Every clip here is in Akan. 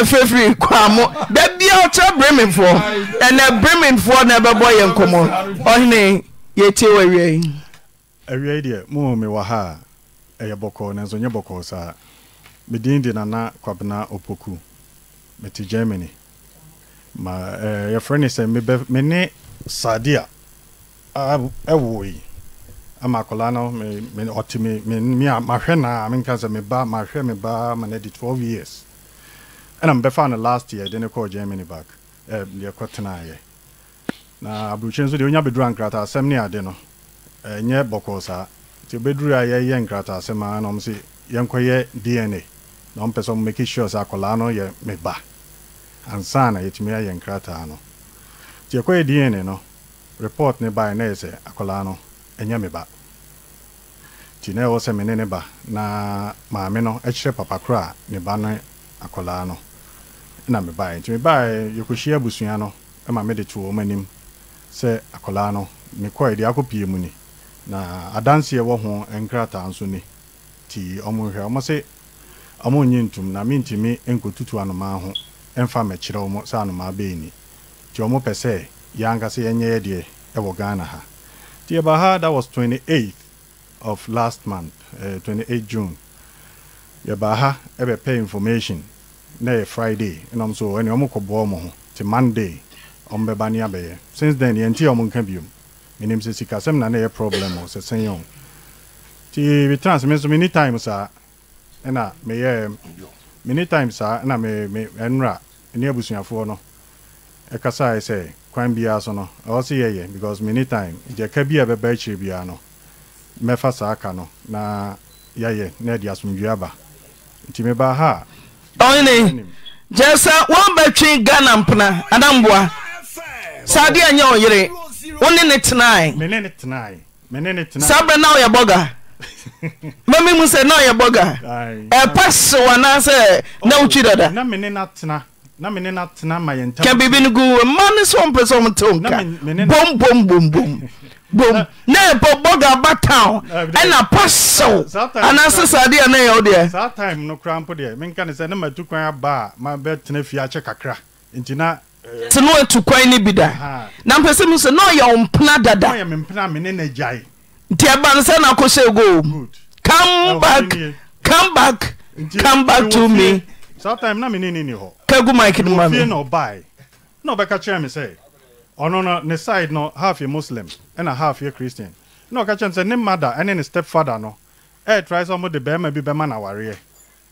afeefiri kwamo dabia ɔkyerɛ bremenfoɔ ɛnɛ bremenfoɔ na ɛbɛbɔ nkọmọ nkɔmmɔ ɔhene yɛtie wɔ ewia yi Ewia yi deɛ mo me wɔ ha a ɛyɛ bɔkɔɔ nanso nyɛ bɔkɔɔ saa medin de nana kwabena opoku germany ma eh, yɛfrɛ ne sɛ me ne saade a ɛwoe ama akɔla no ɔte me mahwɛ naa menka sɛ meba mahwɛ me baa ma no de 12 years ɛna mbɛfa no last year de ne kɔɔ germany back deɛ eh, kɔtenaeɛ na aburukyire nso deɛ onya bɛduru nkrataasɛm ne ade no ɛnyɛ bɔkɔɔ saa nti obɛduru a yɛyɛ nkrataasɛm a na ɔm sɛ yɛnkɔyɛ dna na ɔmpɛ sɛ ɔmmake sure sɛ akɔlaa no yɛ me ba ansa na yɛtumi ayɛ nkrataa no nti yɛkɔyɛ dna no report ne bae na ɛyɛ sɛ akɔlaa no ɛnyɛ me ba nti na ɛwɔ sɛ me ne ne ba na maame no kyerɛ papa koro a ne ba ne akɔlaa no na mebaeɛ nti mebaeɛ yɛkɔhyia abusua no ma mede to wɔn anim sɛ akwadaa no mekɔɛ de akɔpie mu ni na adanseɛ wɔ ho nkrataa nso ni ti ɔmohwɛ ɔmo se ɔmo nye na mentumi nkɔtutu anomaa ho mfa mɛkyerɛ ɔmo sɛ anomaa bɛɛ ni nti ɔmo pɛ sɛ yɛn yɛnyɛ yɛ deɛ ɛwɔ ghana ha nti yɛba ha that was twenty eight of last month eh, twenty uh, eight june yɛba ha ɛbɛpɛ information na yɛ friday ɛnam so ɛne ɔmo kɔboa ɔmo ho te monday ɔmo bɛba ne abɛyɛ since then yɛn ti ɔmo nka biom menim sɛ sikasɛm na na yɛ problem o sɛ sɛn yɛn ti bitran sɛ me nso mini time saa ɛna meyɛ mini time saa ɛna me me ɛnura ne abusuafoɔ no ɛkasaeɛ sɛ kwan biara so no ɛwɔ sɛ yɛyɛ because mini time gyaka bi a bɛba akyire biara no mɛfa saa ka no na yɛyɛ na ɛde asomdwue aba nti mebaa ha ɔne gya sa wɔbɛtwe ghana mpena adamboa saa ade anyɛ ɔyere wo ne ne tenae saa berɛ na ɔyɛ bɔga mamimu sɛ na ɔyɛ bɔga ɛpa na wotwi dada mena birbi no goma ne sɛmpɛ sɛmteoka bombooobom ne bɔbɔga ba tao ah, ɛna pa sew anasɛ sadeaneywo deɛtenoatu kwan no bida nampɛ sɛ mi sɛ ne ɔyɛwo mpena dada nti aba nsa noakɔsɛ go combac come bac com back to me saa time na mi ni ni ni hɔ kagu mike no ma fie na ɔbae na ɔbɛka kyerɛ me sɛ ɔno no ne side no half yɛ muslim ɛna half yɛ christian na ɔka kyerɛ me sɛ ne mada ɛne ne step father no ɛɛtrae sɛ ɔmode bɛrima bi bɛma no awareɛ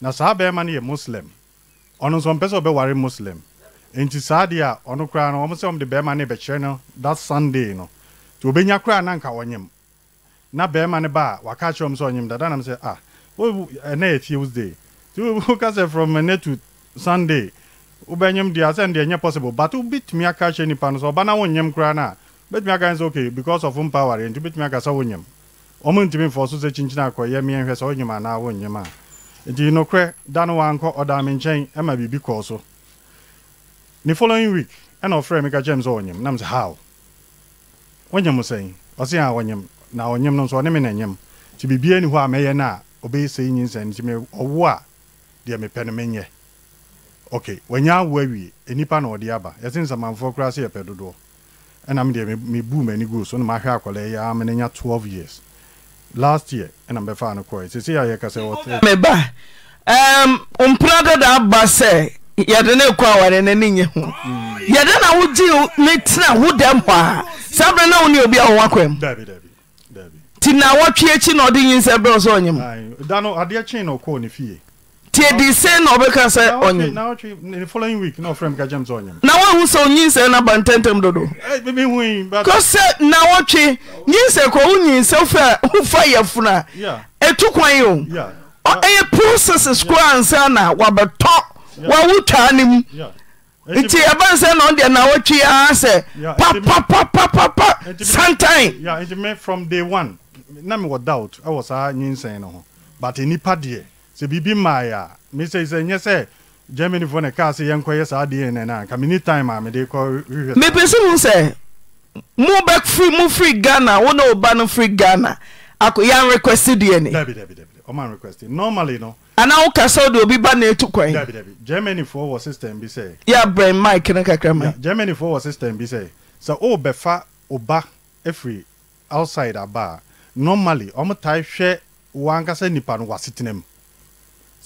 na saa bɛrima no yɛ muslim ɔno nso ɔmpɛ sɛ ɔbɛware muslim nti saa deɛ a ɔno koraa no ɔmo sɛ ɔmde bɛrima no bɛkyerɛ no that sunday no nti obɛnya koraa na anka ɔnyem na bɛrima no ba a waka kyerɛ ɔm sɛ ɔnyem dada nam sɛ ah ɛnɛ yɛ tuesday woka sɛ from mane to sunday wobɛnyem deɛ asɛn deɛ enye possible but wobɛtumi aka kyerɛ nipa no sɛ ɔba na wonyem koraa no a wobɛtumi aka sɛ okay because of mpa aware nti wobɛtumi aka sɛ wonyem ɔmo ntumi mfɔ so sɛ kyinkyini akɔyɛ a nti nokorɛ da no wankɔ ɔdaa me nkyɛn ma biribi so ne following week ɛna ɔfrɛ me ka kyerɛ me sɛ na ah, ɔnyem nso deɛ mepɛ no menyɛ ok wanya awo awie nipa na ɔde aba yɛsɛ nsamanfoɔ koraa sɛ yɛpɛ dodoɔ ɛna me deɛ mebu m'ani gu so na mahwɛ akwadaa yi ama n'anya twelve years last year ɛna mbɛfa ano kɔɛ sisi a yɛka wɔte. meba um, mpira dada aba sɛ yɛde ne kɔ awari ne ne nye ho hmm. yɛde na wogye ne tena ho dɛm hɔ a sábẹ náà wọ́n ní obi a akọ ẹ̀ mu ti na awɔtwe akyi na ɔde nyinsɛ brɛ ɔsɛ ɔnyɛ mu. dano adeɛ kyen na ɔkɔɔ ne fie. ti ade see na wɔbɛka sɛ ɔnyim na woahu sɛ onyinsɛe no ba ntɛntam obcaussɛ nawɔtwe nyinsɛ ko wonyinsɛ fa wofa yɛ fo noa tu kwa o ɛyɛ process sco ansa na wobɛtɔ woawotwaa ne mniaba nsɛ na ode nawɔtwe aa sɛ paa santae sɛ biribi mmaeɛ a mesɛ sɛ nyɛ sɛ germanyfoɔ ne kaa sɛ yɛnkɔyɛ saa deɛ nɛ no anka meni time a mede kɔhwehwɛ mepɛ sɛ mu sɛ mobɛfri mo fri ghana wo ne woba no fri ghana yɛn request deɛ ne ɔma request normally no anaa woka sɛ wode obi ba na ɛtu kwan germanyfoɔ wɔ system bi sɛ yɛabrɛn mike no kakra ma germanyfoɔ wɔ system bi sɛ sɛ wobɛfa oba afiri outside aba a normally ɔmotae hwɛ wankasa nipa no wasetena mu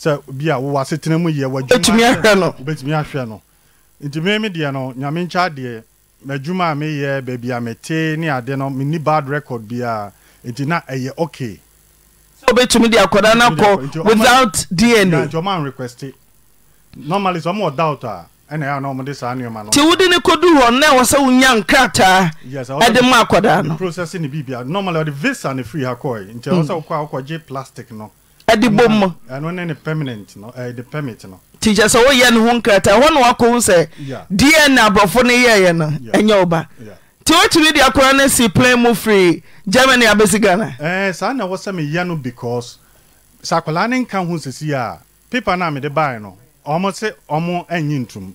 sɛ bi wowɔ asetena mu yɛ wobɛtumi ahwɛ no nti me deɛ no nyame nkyɛ deɛ madwuma a meyɛ baabi a mete ne ade no menni bad record biaa nti na ɛyɛ okay wobɛtumi de akɔda no akɔ without dna nti ɔma request normally sɛ ɔma wɔ doubt a ɛna ɛyɛ na ɔmode saa nneɛma no nti wode ne kɔdu hɔ na ɛwɔ sɛ wonya nkrataa ɛde ma akɔdaa no process ne biribia normally ɔde visa ne firi ha kɔe nti ɛwɔ sɛ hmm. wokɔ a wokɔgye plastic no ɛde bom mu eh, eh, tikyɛ sɛ woyɛ ne ho nkrata ɛhɔ ne woakɔhu sɛ deɛ ne aborɔfo no yɛeɛ no ɛnyɛ wo ba nti wotumi de akora no si plan mu firi germany abɛsi ghana eh, saa na ɛwɔ sɛ meyɛ no because sɛ akwalaa ne nka ho sɛsi a pepa no a mede bae no ɔmo se ɔmo anyi ntom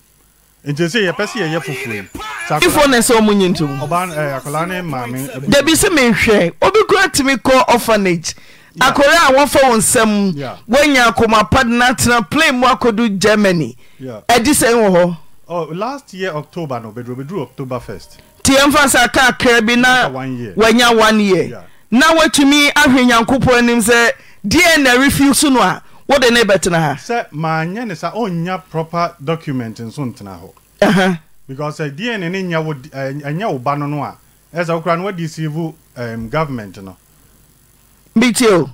nti sɛ yɛpɛ sɛ yɛyɛ foforɔ ifo ne sɛ ɔmo nyi ntom dabi sɛ mehwɛ obi kora tumi kɔ orphanage akore a wɔmfa wo nsɛm woanya akoma pa dena tena plane mu akɔdu germany ɛde sɛn wɔ hɔ oh, nti ɛmfa sɛ aka kra bi na wanya one year na woatumi ahwɛ nyankopɔn anim sɛ deɛ na refi so no a wode ne bɛtena ha sɛ maanyɛ ne sa ɔnya proper document nso ntena hɔ because uh, eh, DNA ne nya wo uh, nya wo ba no no a ɛsɛ wokora no wadi sivu government no mbitie o.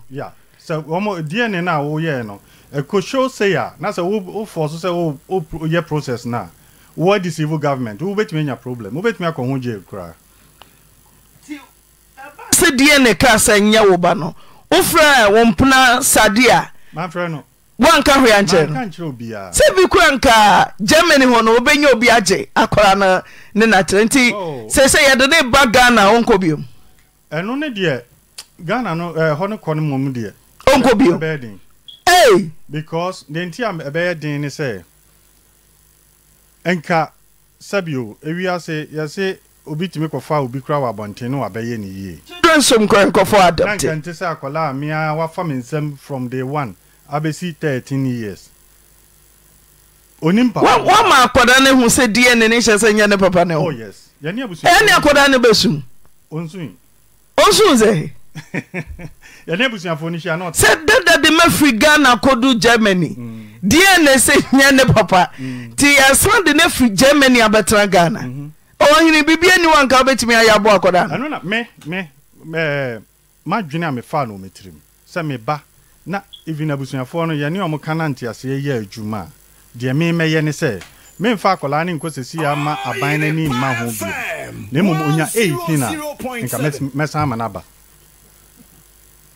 sɛ wɔn dna na woyɛ no ɛkɔhyew sɛ yɛ a na sɛ wofɔ so sɛ woyɛ process na. a wɔ deceive government wobɛtumi anya problem wobɛtumi akɔ ho gye koraa sɛ dna kaa sɛ nyɛ wo ba no wofrɛ wɔmpena sade a mafrɛ no woanka hwee ankyerɛ no sɛ bi kora nka germany hɔ no wobɛnya obi agye akɔra no ne nakyerɛ nti sɛ oh. sɛ yɛde ne ba ghana wonkɔ biom ɛno ne deɛ ghana no ɛhɔ eh, no kɔ no mmom deɛ ɔnkɔ bio ee because deɛ nti a ɛbɛyɛ den ne sɛ nka sɛbio ewiase yɛse obi tumi kɔfa obi kura wɔ abɔnten no wabɛyɛ ne yie. children som kɔ nkɔfɔ adopted. na nkɛntɛ sɛ akwadaa mmea wafa mi nsɛm from day one abɛsi thirteen years. onimpa. papa. wọ́n wọ́n ma akwadaa ne ho sɛ dna ne hyɛ sɛ nyɛ ne papa ne ho. oh yes yɛn ni abusua. ɛyɛ ni akwadaa ne bɛ sum. onsun. onsun sɛ. sɛ dada de mafiri ghana kɔdu germany mm. deɛ ne sɛ hia ne papa mm. Ti yɛasa de no firi germany abɛtena ghana mhm. ɔhene biribia ni wanka wobɛtumi ayɛ aboa akɔdaa eh, madwene a mefa no ɔmɛtirim sɛ meba na even abusuafoɔ no yɛne ɔmo ka nanteaseɛ yɛ adwuma a deɛ memɛyɛ ne sɛ memfa akɔlaa ne nkɔ sɛsi ama aban no ani mma ho bio na mmom onya 18 a nka mɛsan ama no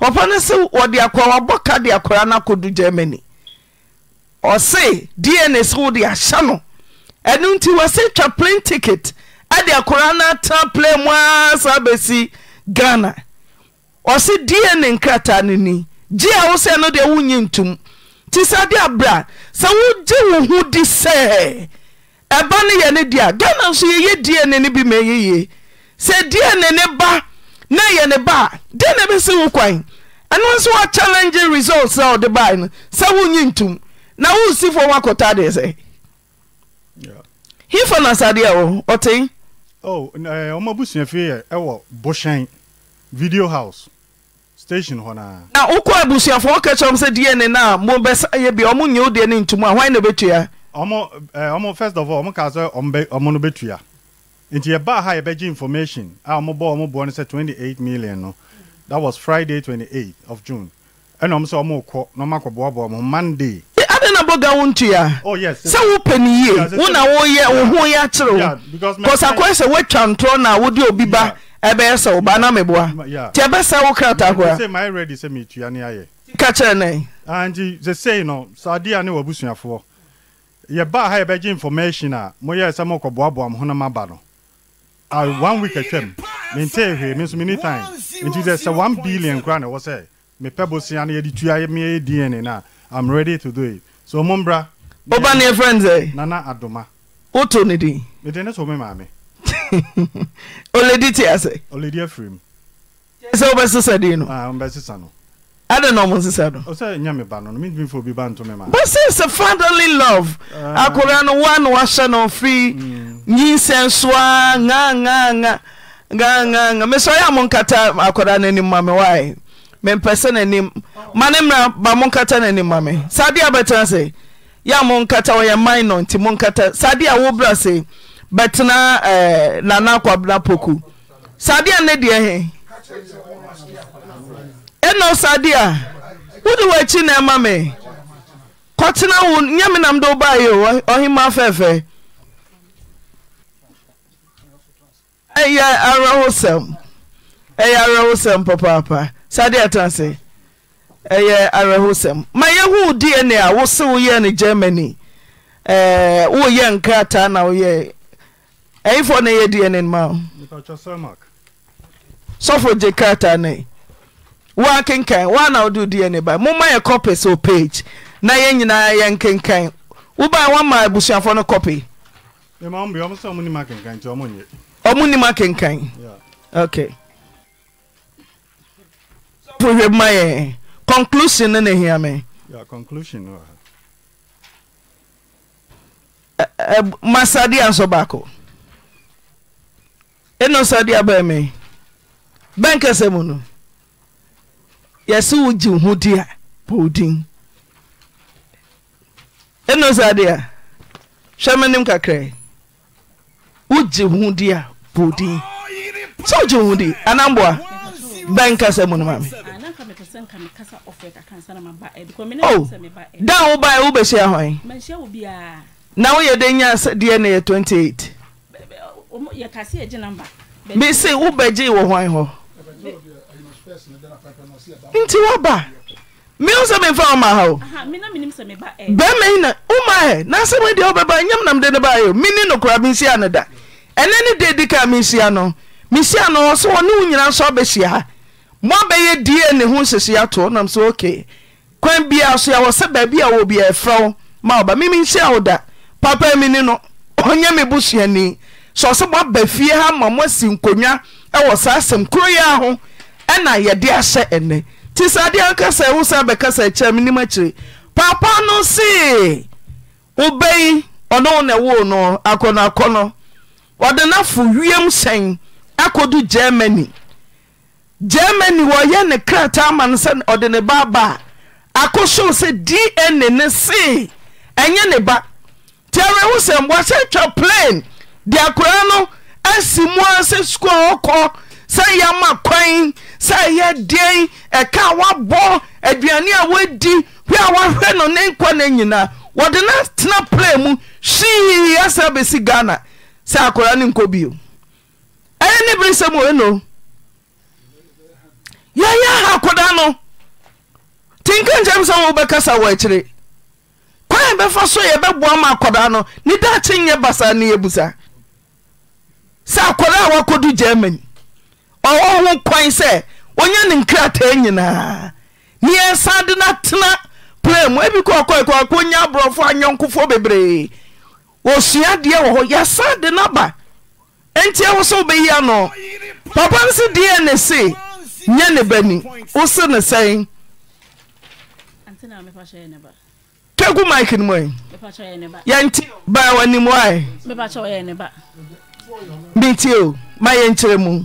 pɔpa no se wɔde aawbɔka adeakoraa no akɔdu germany ɔse dn se wode ahyɛ no ɛnonti wɔase twa plan ticket adeakoraa nota plamuasaa bɛsi ghana ɔse n nkrataa noni gyea wo sɛɛnode woyi ntom nti sadeɛ abra sɛ wogye wo hodi sɛ bane yɛne dea ganasoyyɛ no bi myie sɛ n ne ba nɛ yɛ ne baa de na bɛsi wo kwan ɛno so wochallenge results a wɔde ba no sɛ wonye ntom na wosifo wo akɔtadeɛ sɛf sadeɔbafboɛ vdetnwokɔa abusuafo woɛyɛm sɛ de ne noamɛaa ɔma oe nti yɛbaa ha yɛbɛgye information a ɔmobɔ ɔmo boɔ no twenty-eight million no that was friday twenty 28 of june ɛna ɔm sɛ ɔmo kɔ na ɔmo akɔboaboa mo monday ade na boga wo ntua oh, sɛ wopɛ ne yie wo na woyɛ wo ho yɛ akyerɛ wo bcause akɔɛ sɛ woatwa ntorɔ na wode obi ba ɛbɛyɛ sɛ wo ba na meboa nti ɛbɛsɛ wo krataa koa ka kyerɛ nɛ ah, nti sesei no saadea ne wabusuafoɔ yɛbaa ha yɛbɛgye information a moyɛɛ sɛ mokɔboaboa mo ho no maba no a one week atwam mentee hwee me nso me ni time nti sɛ sɛ one billion koraa na ɛwɔ sɛ mepɛ bosea no yɛde tua meyɛ dna no a i'm ready to do it so mombra woba ne friends sɛ eh? nana adoma woto ne din mede ne to me maame oledi te ase oledi afiri mu kyɛ sɛ wobɛsesa din no ah, wobɛsesa no n sesɛɛɛ aaly kɔa no anaasɛ nofe isɛsoa ɛaaɛɛ aa aeɛeasɛ kaaaeɛ bɛtena anaa sade na d ɛna ɔsade a wode w'akyi eh, na ɛma me kɔtena wo nyɛ nam de wobaayɛ ɔhema fɛfɛ ɛyɛ awerɛ sɛm ɛyɛ awerɛ sɛm papaapa sadeɛ atena ɛyɛ a wo se germany woyɛ nkrataa na woyɛ ɛyifoɔ yɛ ma sɔfo gye krataa ne woakenkan woana wode wodiɛ ne ba momma yɛ cɔpy so page. na yɛn nyinaa yɛnkenkan woba woama abusuafoɔ no cɔpy ɔmo nim akenkan ok pohwɛ ma yɛ conclusion no na eh, eh, hia oh. eh, me masadeɛ ansɔ baako ɛno sadeɛ abɛɛ me bɛnkɛsɛ mu no yɛse wogye hodi a bodin ɛnosa de a hwɛmenom kakra wogye hodi a bodin sɛ wogy hodi anamboa bɛnkasɛ munomamda oh, woba wobɛhyiahan na woyɛ dɛ nya ɛ deɛ neyɛ28mise wobɛgye wɔ han hɔ nti waba menom sɛ mefa aa ne yia aɛae a a msi nkoa saa ho ɛna yɛde ahyɛ ɛnɛ nti sɛ adeɛ nkasa wo sa bɛkasa kyerɛ menim akyiri papa no see wobɛyi ɔne wo ne woo no akɔnɔ akɔnɔ ɔde nafo wiem hyɛn akɔdu germany germany wɔyɛ ne krataa ma no sɛ ɔde ne ba ba a akɔhyew sɛ dn ne see ɛnyɛ ne ba nti awerɛ wo sɛm wɔahyɛ twa plane de akoraa no asi mu a sɛ sukuu ɔkɔ sɛ yɛama kwan sɛ ɛyɛ deɛn ɛka woabɔ aduane a woadi hwɛ a woahwɛ no ne nkɔ no nyinaa wɔde na tena pla mu hwii asa bɛsi ghana sɛ akora ne nkɔ bio ɛyɛ ne bere sɛm eno yɛyɛ ha koda no tinka nkyɛm sɛ wobɛka sa wɔ akyire kwan bɛfa so yɛbɛboa ma akɔdaa no ne daakye nyɛ basa ne yɛbusa sɛ akɔdaa a woakɔdu germany ɔwɔ ho kwan sɛ ɔnya ne nkrataa nyinaa ne de no tena pra mu ebi kɔ ɔkɔkɔkɔ ɔnya aborɔfo anyɔnkofoɔ bebree wɔsua deɛ wɔ hɔ yɛsa de no aba enti ɛwo sɛ wobɛyia no papa n se deɛ ne se nyɛ ne bani wo se ne sɛn twagu mike no mu ɛ yɛnti baa w'anim wae mentie o ma yɛnkyerɛ mu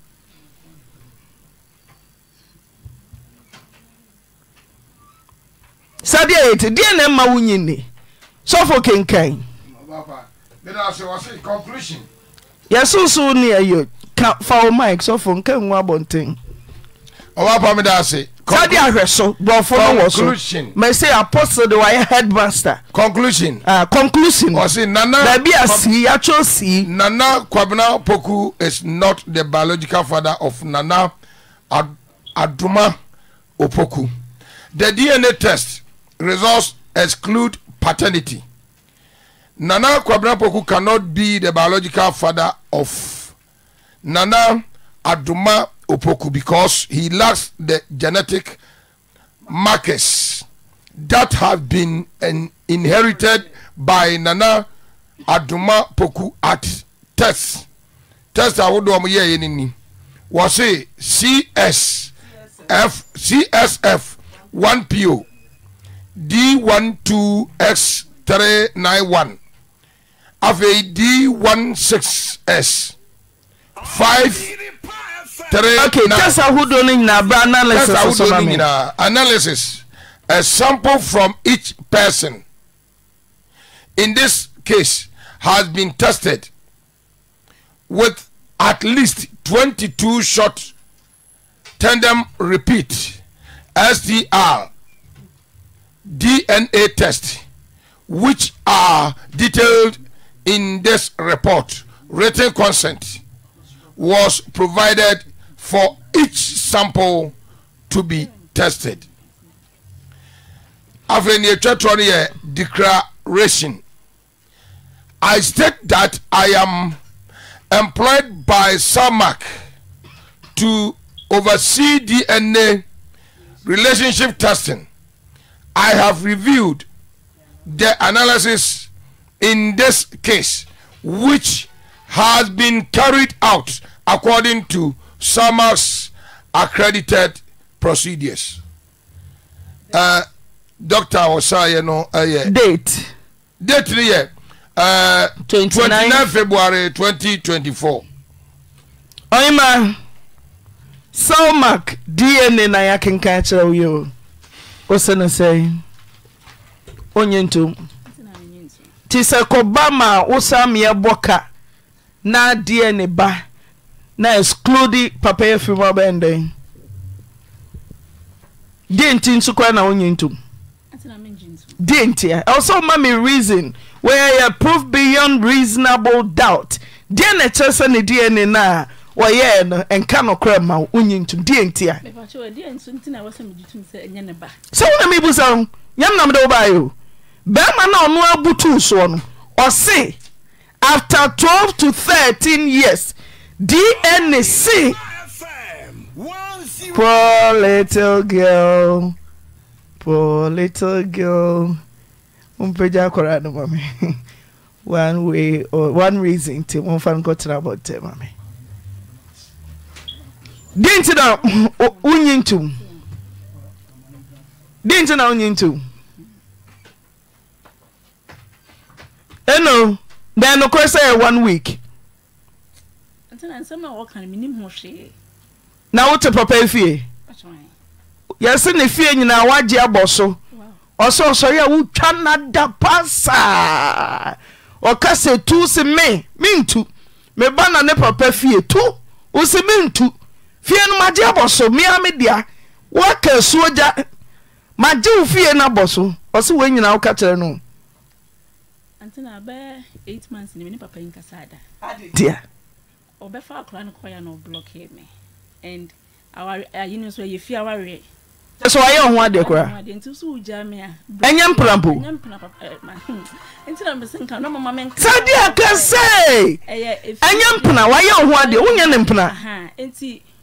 sɛdeɛ yɛti deɛ ne ma wo nyini sɔfo kenkan yɛsoso ne ɛyɛ ka fa wo mike sɔfo nka ngu abɔnten sɛde ahwɛ so borɔfo no wɔ so mɛsɛ apostle de wayɛ headmaster conclusion uh, conclusion baabi a sii yɛatwerɛ sii nana kwabena poku is not the biological father of nana aduma opoku the dna test results exclude paternity. Nana Kwabrapoku cannot be the biological father of Nana Aduma Opoku because he lacks the genetic markers that have been inherited by Nana Aduma Poku at test. Test ahodoɔ mo yɛ yɛ ni ni. Wɔsi CS, F, CSF, 1PO. d12x391 fa d16s 53 analysis a sample from each person in this case has been tested with at least 22 short tendem repeat str DNA tests, which are detailed in this report, written consent was provided for each sample to be tested. A the declaration, I state that I am employed by SAMAC to oversee DNA relationship testing I have reviewed the analysis in this case, which has been carried out according to SAMA's accredited procedures. Uh, Dr. Osaye no uh, yeah. Date. Date yeah. Uh, 29, February 2024. Oima, Salmak DNA na can catch you. wo siɛ no sɛ oɛo nti sɛ kɔba ma wo sa mmeɛ bɔ ka na deɛ ne ba na exkludi papayɛafiri mu bɛnɛn eisaa naooi ɛwo sɛ woma me reason weɛyɛ prov beyond reasonable doubt deɛ no ɛkyerɛ sɛ ne deɛ ne naa wɔyɛɛ no nka no kora ma wo wonyi ntom deɛ nti a sɛ wona mebu sa ho nyam nam wobaeɛ o bɛrima na ɔno abutoo soɔ no ɔse after 12 to 13 years dna se poor little girl poor little girl mpagya kɔraa no ma one way or one reason nti momfa nkɔtena bɔntɛ ma di nti na wonyi ntom di nti na wonyi ntom ɛno then no kɔ yɛ one week na wote papa fie yɛse ne fie nyinaa woagye abɔ so ɔsɛ ɔsɔre a wotwa nada pa saa ɔka sɛ tu se me mentu meba na ne papa fie tu wo se mentu fie no magye abɔ so meaa me dea woaka suogya magye wo fie no abɔ so ɔ sɛ wo nyinaa wo ka kyerɛ no usɛ wayɛ o ho adeɛ koranyɛ mpena sadeɛ kɛ sɛ ɛnyɛ mpena eh, hmm. wayɛ wo ho adeɛ wonyɛ ne mpena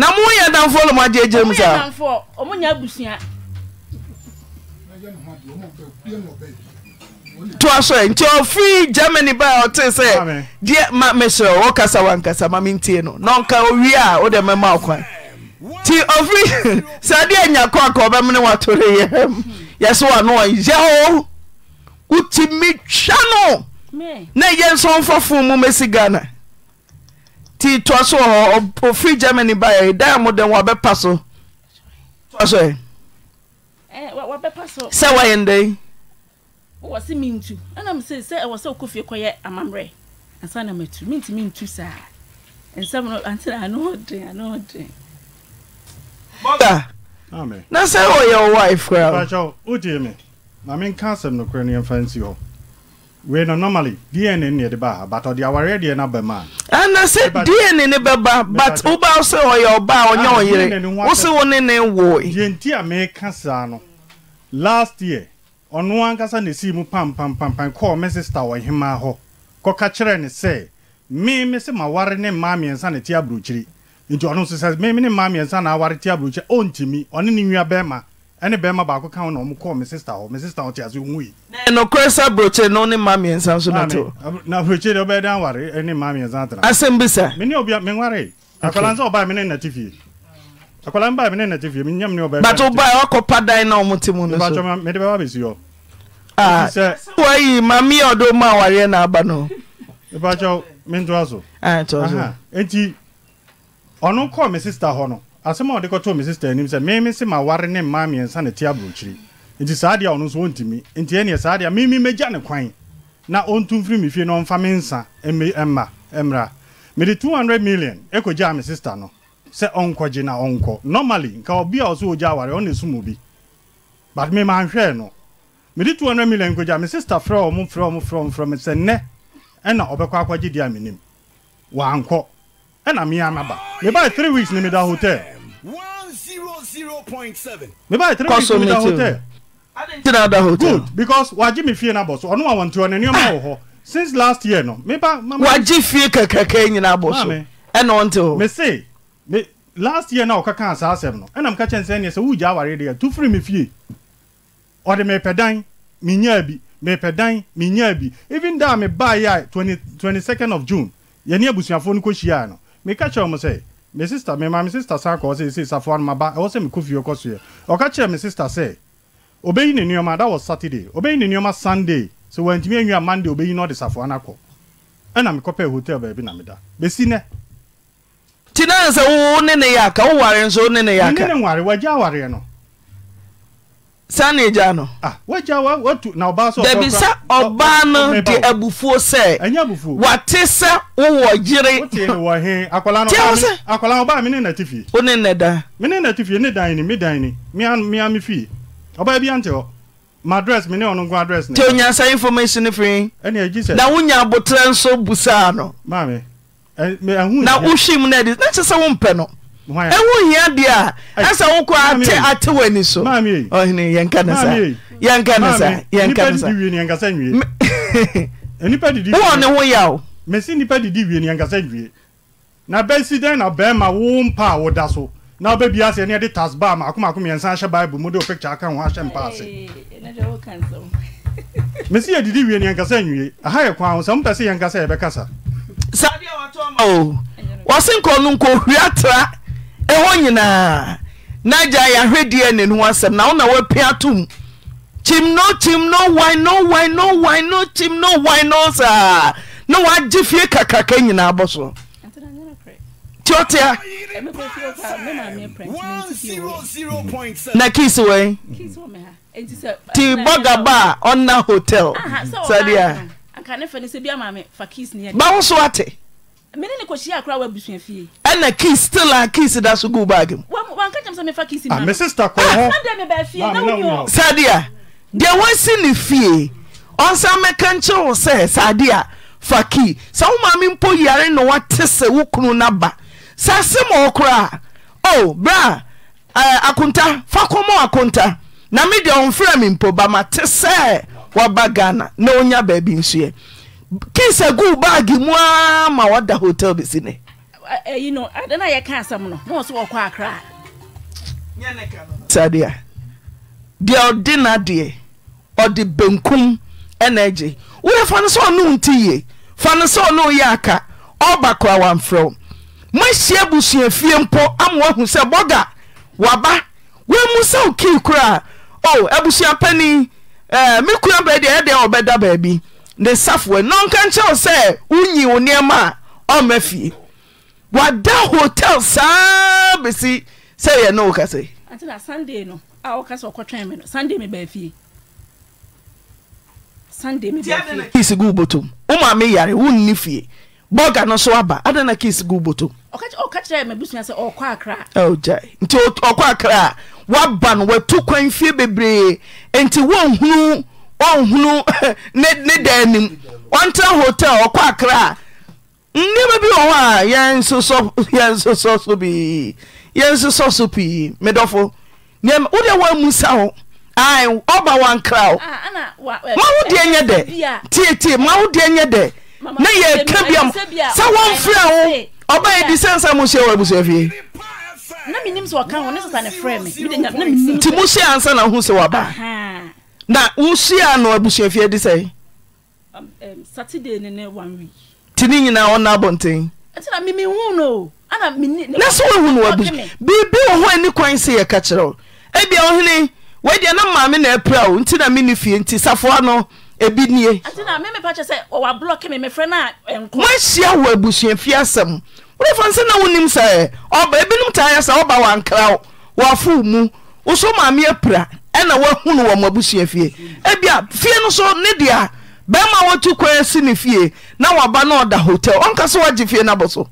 na moyɛ damfoɔ no moagyegye m saa toa so nti ɔfii germany baa ɔtee sɛ deɛ ma meserɛ wɔkasa wankasa ma mentie no na ɔnka owie a wode mɛma ɔkwan nti ɔfiri sɛ deɛ anya kɔ aka ɔbɛmene watore yɛm yɛso wa no ɔyɛ o wotumi twa no na yɛ nsɔmfɔfo mu mɛsi ghana ti toa so wɔ hɔ ɔfiri germany baɛ dan a modɛn wɔabɛpa so toa so eh, sɛ woayɛ ndɛn wɔ se mentu ɛnam se sɛ ɛwɔ sɛ wokɔ fie kɔyɛ amammerɛ ansa na matu mentumi ntu saa nsɛm no antena ano ɔden ano ɔden na sɛ wɔyɛ wo wife koraa wotie me na menka asɛm nokorɛ no yɛmfa nsi hɔ wee no normally dna ne yɛde baa but ɔde awareɛ deɛ no aba maa ana ah, sɛ dna ne bɛba but wobawo sɛ ɔyɛ ɔba a ɔnyɛ ɔyere wo se wo ne ne woe deɛ nti a saa no last year ɔno ankasa ne sii mu pampampampan kɔɔ me sister wɔ hemaa hɔ kɔka kyerɛ ne sɛ me me se maware ne mmaa mmiɛnsa ne te aburokyiri nti ɔno nso sɛ me me ne mmaa mmiɛnsa na aware te aburokyiri ɔntimi ɔne ne nwia bɛrima ɛne bɛrima baako ka ho na ɔmo kɔɔ me sista hɔ me sista hɔ te ase ohun yi. ɛnokora sɛ aburokye no ne maa mmiɛnsa so na to. na aburokye de ɔbɛyɛ dan ware ɛne maa mmiɛnsa atena. asɛm bi sa. mi ni obi mi nware akwadaa nsa ɔbaa mi ne nate fie akwadaa mbaa mi ne nate fie mi nyam ne ɔbɛyɛ. bato baa ɔkɔ pa dan na ɔmo te mu no so. batoma mi de bɛ wa besi hɔ. aa ah, wayi maami a ɔdo mu awareɛ na aba no. ipakyɛw mi n to aso. ɛn to aso. eti ɔno kɔɔ no asɛm a ɔde kɔtɔɔ mi sista anim sɛ meme ma maware ne mmaa mmiɛnsa ne te aburokyiri nti saa deɛ ɔno nso wɔntumi nti ɛneɛ saa deɛ meme mɛgya ne kwan na ɔntu mfiri me fie na ɔmfa me nsa mma mmra mede hundred million ɛkɔgyaa mi sista no sɛ ɔnkɔgye na ɔnkɔ normally nka ɔbi a ɔsɛ ɔgya aware ɔne sum bi but me manhwɛɛ no mede 200 million kɔgya me sista frɛ ɔ mo frɛ ɔ mo frɛ ɔ mo frɛ me sɛ nnɛ ɛna ɔbɛkɔ akɔgye deɛ a menim wankɔ ɛna mi ama ba mi ba three weeks ni mi da hotel. one zero zero point seven. mi ba three weeks ni mi da hotel. ti na da hotel. good because wàjí mi fie n'abọ̀ so ọ̀nù àwọn tiwọn ní nneọma wọ̀ họ since last year no mi ba. wàjí fie kẹkẹkẹ nyina bọ̀ so ɛna ɔn ti o. mi se last year na ɔka kan saa asɛm no ɛna mi ka kyɛn sɛ ɛni sɛ wúgya awari de yɛ tu firi mi fie ɔde mi pɛ dan mi nya bi mi pɛ dan mi nya bi even though mi ba yɛ twenty twenty second of june yɛ ni abusuafoɔ ni ko hyia no meka kyerɛ ɔmo sɛ me sista mema me sista san kɔ sɛ ɛsɛ safoa no maba ɛwɔ sɛ mekɔ fie kɔ soɛ ɔka kyerɛ me sista sɛ obeyi ne nneɔma that was saturday obeyi ne nneɔma sunday sɛ wantumi anwi a monday obeyi na ɔde safoa no akɔ ɛna mekɔpɛ hotel baabi na meda bɛsi nɛ nti na sɛ wo ne ne yɛ aka woware nso wo ne ne yɛ ne ne nware wagya awareɛ no sani gya no ah, dabi sɛ ɔbaa no de abufuo sɛ wate sɛ wowɔ yerewo ne nnɛ da mene nati fie ne dan ni me dan ni mea me fie ɔbaa bi ante hɔ ma address me ne ɔno nko address ne. ti o nya sa information fi. ɛni ɛji sɛ. na o nya abotire nso busaa no. maame ɛ mɛ ehun yɛ. na o si mu na ɛdi na kyesɛ o mpɛ ɛwo hia deɛ a ɛsɛ wokɔ ate w'ani so wowɔ oh, ne ho yaw mɛsi nnipa didi wie neankasa nwie na bɛsi dɛn na bɛrima wo mpa a woda so na wobɛbia aseɛ ne ɛde tasbaa maakomakomiɛnsa hyɛ bible mu de wo picture aka ho ahyɛ mpa ase mɛsi yɛdidi wie neankasa nwie aha yɛ kwan ho sɛ mopɛ sɛ yɛnkasa yɛbɛkasa saa wɔse nkɔ no nkɔhwia tra ɛhɔ nyinaaa nagya yɛ aherɛ di ane no ho asɛm na wona woapiatom kyim no kyim noa no no a n km no a nosaa na wagye fie kakaka nyinaa bɔ so ntiɔtea na kes w nti bɔgaba a ɔna hotel sadeɛ ba woso ate n k laks dasobsadea deɛ wonsi ne fie ɔnsa mekenkyɛ wo sɛ saade a fa kii sa womaa me mpo yare nowtese wo knu nba semɔerfa kmot na me deɛ ɔmfrɛ mempo bama te sɛ woba ghana na ɔnya baabi nsuɛ kisa gu baagi mu aa ma wada hotel bi si ne. ɛyi no ade na yɛ ka asɛm no na wɔn a. akra. sadeɛ deɛ ɔde n'adeɛ ɔde benkum ɛna agye woyɛ fa no sɛ ɔno nti yie fa no sɛ ɔno yɛ aka ɔba kɔ awamfrɛw fie mpo ama wahu sɛ bɔga waba sɛ wo kii o abusua baabi a ɔbɛda ne safoa na sɛ wonyi wo nneɛma a ɔmma fie wada hotel saa bɛsi sɛ yɛ ne wo kasɛ sunday no a ɔka sɛ ɔkɔtwɛn sunday me baa sunday me baa fie kiss gu botom wo maame yare wonni fie bɔga no so aba ada na kiss gu botom sɛ ɔkɔ akra oh jai nti ɔkɔ akra a waba no watu kwan fie bebree nti wonhunu ɔhunu ne da nim ɔntra hotel ɔkɔ akra a nneɛma bi wɔ hɔ a ɛsos so pii mɔfowode womu sa woakraaomawo ɛn ɛka iam sɛ wofrɛ wo ɔasɛsa ms wafentiosansnosɛ na wosuea no abusuafie de sɛ um, um, ti ne nyinaa wɔnabɔntna sɛ woahu nou biribi wɔ hɔ ani kwan sɛ yɛ ka kyerɛ ebia wohene wadi no maame na apra o nti na menni fie nti safoano bi nimoahia wɔ abusuafie asɛm wofo sɛne wonim sa binom taaɛ sa woba wankraw wafoo mu woso maame apra ɛna wahunu no wɔ mabusua fie ebia fie no so ne dea bɛrima wotu kwan si ne fie na waba na ɔda hotel ɔnka sɛ woagye fie na abɔ so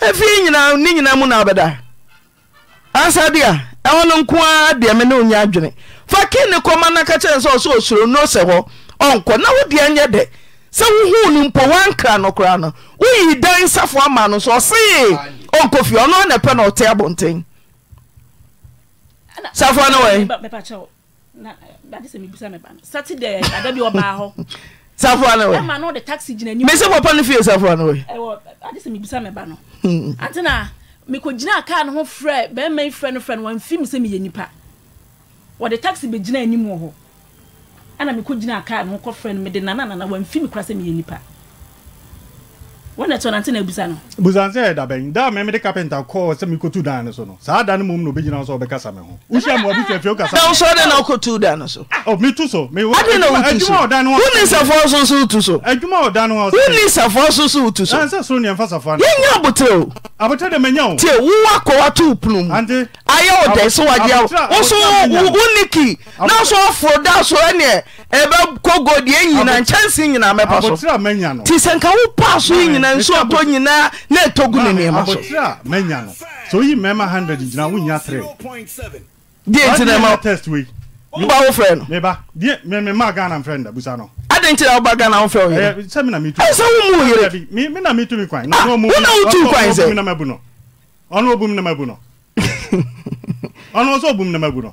fie nyinaa ne nyinaa mu na abɛda ansa de a ɛhɔ no nko ara deɛ me ne onya adwene fa ke ne kɔma no ka kyɛne sɛ ɔsɛ osuro no sɛ hɔ ɔnkɔ na wodeɛ nyɛ dɛ sɛ wohuu no mpo woankra no koraa no woyi dan safo ama no so ɔsee ɔnkɔ fie ɔno anɛpɛ na ɔte abɔnten safo ano wɛ. mɛpa kyɛw na eh, adi sɛ mi bisa mɛba no saturday eh, ada bi ɔbaa hɔ. safo ano wɛ. ɛma no de taxi gyina anim. mesi papa no fie safo ano wɛ. ɛwɔ adi sɛ mi bisa mɛba no. Hmm. ati na mekɔ gyina kaa no ho frɛ bɛrima yi frɛ no frɛ no wɔn fi mi sɛ mi yɛ nipa wɔde taxi bɛ gyina anim wɔ hɔ ɛna mekɔ gyina kaa no ho kɔ frɛ no mi de nana nana wɔn fi mi kora sɛ mi yɛ nipa wọn na tọ nante na ebusa no. busanse yɛ dabɛn daa mɛmi de kapɛnta kɔɔ sɛ mi ko dan ne so no saa dan oh, mu na ah, uh, o bɛ gyina sɔ o bɛ kasa mi ho wusi amu ɔbi fɛfɛ o kasa. na wosɔ de na o ko tu dan ne so. ɔ mi tu so mi wo adwuma ɔdan ne ho. wuli safo soso tu so. adwuma ɔdan ne ho. wuli safo soso tu so. ɛnsɛ soro nìyɛn fa yẹn nyɛ abotire o. abotire de mɛ nyɛ o. tie wuwa kɔ wa tu punu mu. ante ayé o dɛ so wa diya o. woso wuniki n'aso afro da so ɛni ɛ ɛbɛ kogo die nyina yin n00mm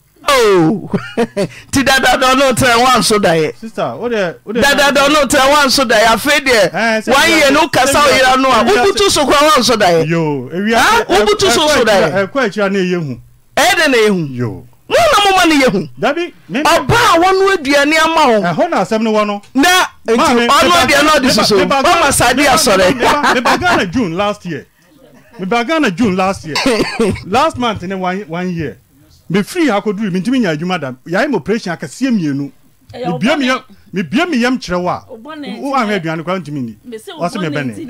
Oh! ti dadadɔ no tẹ wọn so da yẹ dadadɔ no tẹ wọn so da yẹ afei deɛ wọn yɛ no kasa oyira no a wobutu so kura wọn eh, so eh, da yɛ wobutu so so da yɛ ɛyɛ de na ehu wọn na mo ma ne yɛ hu ɔba a wɔn aduane ama wɔn na ɔno aduane ɔde soso wɔn ma sadi asɔre. meba Ghana June last year meba Ghana June last year last month ne one year mefiri ha kɔduru mentumi nya adwuma da yɛayɛ m operation akɛseɛ mmienu mebia meyam kyerɛ wo a woahwɛ aduane kora ntumi ni ɔse mebɛne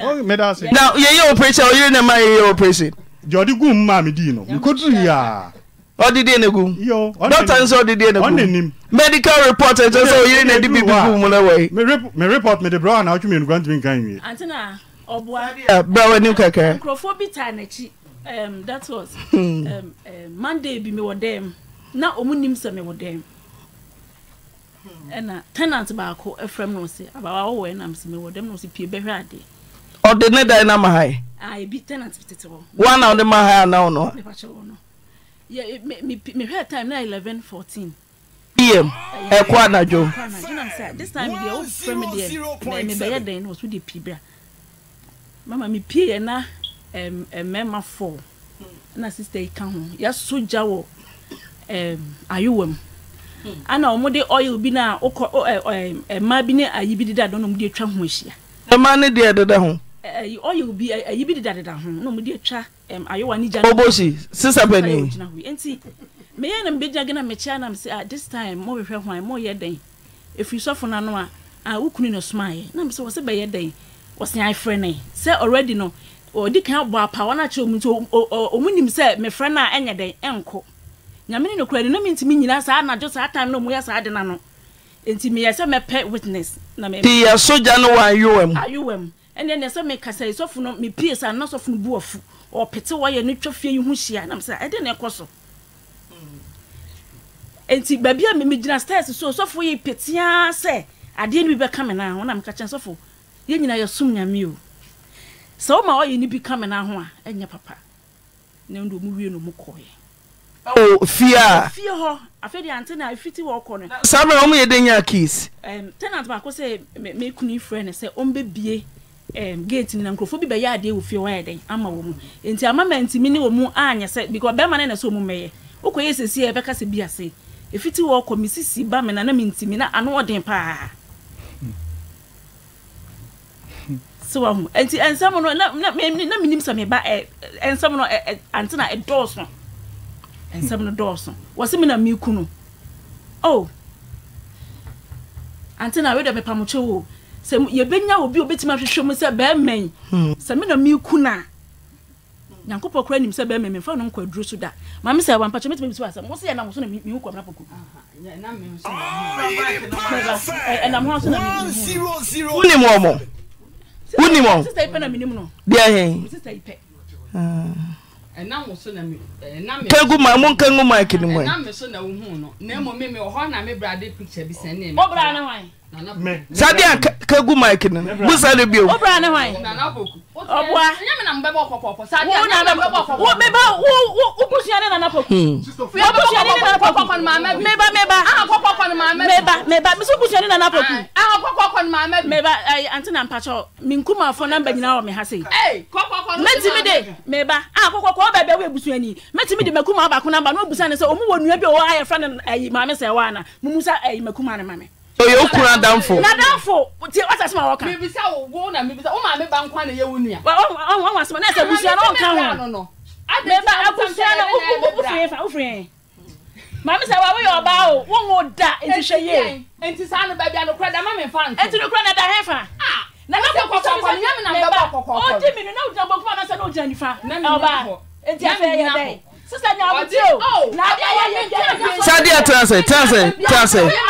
na yɛyɛ operation ɔyere ne ma yɛyɛ operation deɛ ɔde gu mmaa medii no mekɔduru a ɔdedie ne gu dɔkta nso ɔdedie ne gu medical report ɛkyɛ sɛ ɔyere ne de bibi gu mu no wei me report mede brɛ a na wotwe mmienu kora ntumi Antena. nwie brɛ ni kakra nkurɔfoɔ bi taa n'akyi um, that was hmm. um, um, monday bi mi wɔ dɛm na ɔmo nim sɛ mi wɔ dɛm hmm. ɛna tenant baako efra mu n'ose abawa ɔwɔ ɛnam sɛ mi wɔ dɛm n'ose pie bɛhwɛ ade. ɔde ne dan na ma ha yi. a ebi tenant bi tete hɔ. wa na ɔde ma ha yi anaw no. ne ba kyerɛ wɔn no yɛ mi mi mi hwɛ time na eleven fourteen. pm ɛkɔ anadwo. ɛkɔ anadwo na sɛ this time deɛ o fɛ mi deɛ mɛ mi bɛyɛ dɛn na o so de pie bia mama mi pie yɛ na um, mmarima four na sista yi ka ho yɛso gya wɔ ayewa mu ana wɔn de oil bi na okɔ mmaa bi ne ayi bi deda do na wɔn de atwa ho ahyia. mmaa ne deɛ deda ho. ɛyi oil bi ayi bi deda deda ho na wɔn de atwa ayewa ne gya. obosi sisa panyin. nti meyɛ na mbɛgyina gana mɛkyia na mɛ this time mo bɛhwɛ hwan mo yɛ dɛn efirisɔfo n'ano a a wukunu na soma yɛ na mɛ sɛ wɔsɛ bɛyɛ dɛn wɔsɛn afrɛ ne sɛ already no ɔdi kan abɔ apa wɔn akyerɛ ɔmu nti ɔmu nim sɛ mefra no ɛnyɛ dɛn ɛnkɔ nyame nokura ne nam ntumi nyinaa saa anadwo saa time na ɔmu yɛ saa de na no nti meyɛ sɛ mɛpɛ witness na mɛ. ti yɛ soja no wɔ ayowa mu. ɛnna ɛnna sɛ mekasa yi sɔfo no mepie sa na sɔfo no bu afu ɔpete wɔyɛ ne twa fie yi ho hyia nam sɛ ɛde na ɛkɔ so nti baabi a megyina stairs so sɔfo yi petea sɛ adeɛ no bi bɛka me naa wɔn na meka kyɛn sɔfo yɛn nyinaa yɛ som nyame sɛ woma wɔyɛ ne bi ka me no ho a ɛnyɛ papa na ndo mu wie no mu kɔɛ fie a fie hɔ afei deɛ ante na afiti wɔ kɔ no saa mmerɛ yɛ dɛ nya keys tenant baako sɛ mekunu frɛ no sɛ ɔmbɛbie um, gate ni na nkurɔfoɔ bi bɛyɛ adeɛ wɔ fie wɔyɛ dɛn ama wɔ mu nti ama ma ntumi ne wɔ mu anyɛ sɛ because bɛrima no na sɛ ɔmo mɛyɛ wokɔyɛ si a ɛbɛka sɛ bi ase ɛfiti wɔ kɔ mesisi ba me na na mentimi na ano ɔden so wa ho nti nsɛm no na na na menim sɛ meba nsɛm no ante na ɛdɔɔso nsɛm no dɔɔso wɔse me na meku no o ante na weda mepamokyɛ o sɛ yɛbɛnya obi a obɛtumi ahwehwɛ mu sɛ bɛɛma yi sɛ me na meku no a nyankopɔn kora nim sɛ bɛɛma memfa no nkɔ aduro so da mame sɛ wampakyɛ mɛtumi bisu asɛm wo sɛ yɛnam so na mewu kɔ mena pɔku wonim ɔmɔ wonim ɔ deɛ hɛ kangu ma mo nkangu ma akini mu ɛ sadiya kegu mike ni musa de bi o. o bra ne hwan. ọbua wo meba wo wo busua ne nana poku. Hmm. wo busua ne nana poku meba meba meba meba miso busua ne nana poku. meba ayi ante na mpatsɔ minkuma afɔ namba nyinaa wɔ mi ha se. mɛtimi de meba a kɔkɔ kɔ ɔbɛ bɛ wo ebusua ni mɛtimi de mɛkuma baako namba n'o busa ne sɛ omu wɔ nua bi o ayɛ fɛn ne ayi eh, maame sɛ wa na mumusa ayi eh, mɛkuma ne ma mɛ oye okun adamfo. nadamfo ti wasa sima wọ kan. mibisa wo wo na mibisa wo maa mi ba nkwa na ye wunu ya. ɔn ɔn ɔn wasoma n'asɛ busua n'o kan ho mɛba abusua na ufunye fa ufunye eh. maame sɛ wa woyɛ ɔbaa o wo ŋo da nti hwɛ yie. nti saa no baabi a nokura da ma mi nfa nti. nti nokura na da hɛn fa. Ah, na ne ko kɔkɔ kɔ nyɛ mi na mbɛ ba kɔkɔ o di mi no na o gyina bɔ kuma na sɛ na o gyina nifa ɔbaa nti afɛ yɛ dɛ sisan nyɛ abuti o na adi ayɛ yɛ yɛ yɛ. sadiya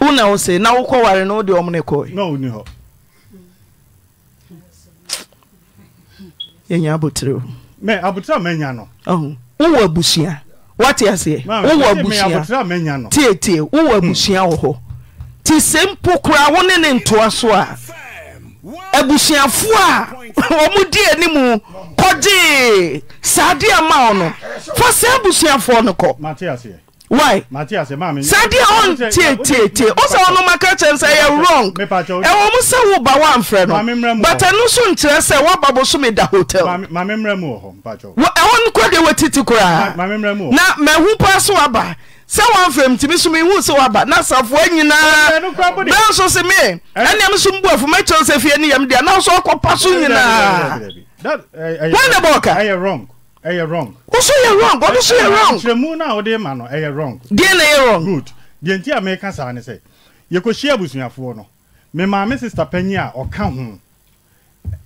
una wo se na wokɔ ware no wode ɔmo ne kɔe yɛnya abotire o wowɔ abusua oh, wate aseɛ wowɔ abusua tietie wowɔ abusua hmm. wɔ hɔ nti sɛ mpo koraa wo ne ne ntoa so a abusuafoɔ a ɔmo di animu kɔgyee saa ma wo no fa abusuafoɔ no kɔ why sɛ deɛ ɔntieietie wo sɛ wɔnoma ka kyɛm sɛ ɛyɛ wrong ɛwɔ m sɛ woba woamfrɛ no but ɛno so nkyerɛ sɛ woaba bosome da hotel ɛwɔ no kodeɛ wɔtiti koraa na mahu paa so woaba sɛ woamfrɛ mtumi so mehu sɛ woaba na asafoɔ nyinaa bɛ nso se me ɛneɛm so mbu afo makyerɛw sɛ fie ne yam deɛ na wo so ɔkɔpa so nyinaa wane bɔɔka ɛyɛ wrong. woso yɛ wrong ɔno so yɛ wrong. nkyerɛmu na ɔde ma no ɛyɛ wrong. deɛ na ɛyɛ wrong. good deɛ nti a mɛka saa ne sɛ yɛkɔhyia abusuafoɔ no me maame sista panyin a ɔka ho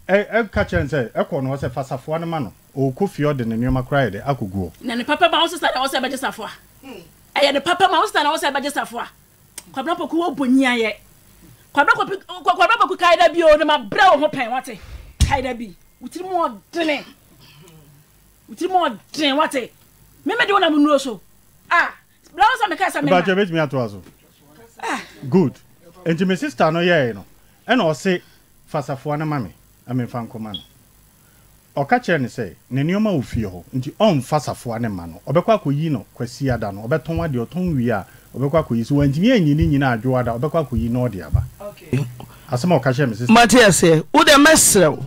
ɛka kyerɛ sɛ ɛkɔ no hɔ sɛ fasafoa no ma no ɔkɔ fie ɔde ne kura koraa yɛ dɛ akɔguɔ. na ne papa ma wo sista na ɔsɛ bɛgye safoa ɛyɛ ne papa ma wo sista na ɔsɛ bɛgye safoa kwabena pɔku kwabena bi o ne ma brɛ wo ho bi wotiri mu wotiri mu ɔden wate meme de wo na me nuo so ah bra wo sɛ meka sɛ mebatwa bɛtumi atoa ah good enti me sister no yɛe no ɛna ɔse fasafoa no ma me amemfa nkɔma no ɔka kyerɛ ne sɛ ne nneɔma wɔ fie hɔ nti ɔmfa safoa ne ma no ɔbɛkɔ akɔyi no kwasi ada no ɔbɛtɔn adeɛ ɔtɔn wie a ɔbɛkɔ akɔyi so wantumi anyi ne nyinaa adwowa da ɔbɛkɔ akɔyi na ɔde aba asɛm a ɔka kyerɛ me sɛ mate aseɛ wode mɛserɛ wo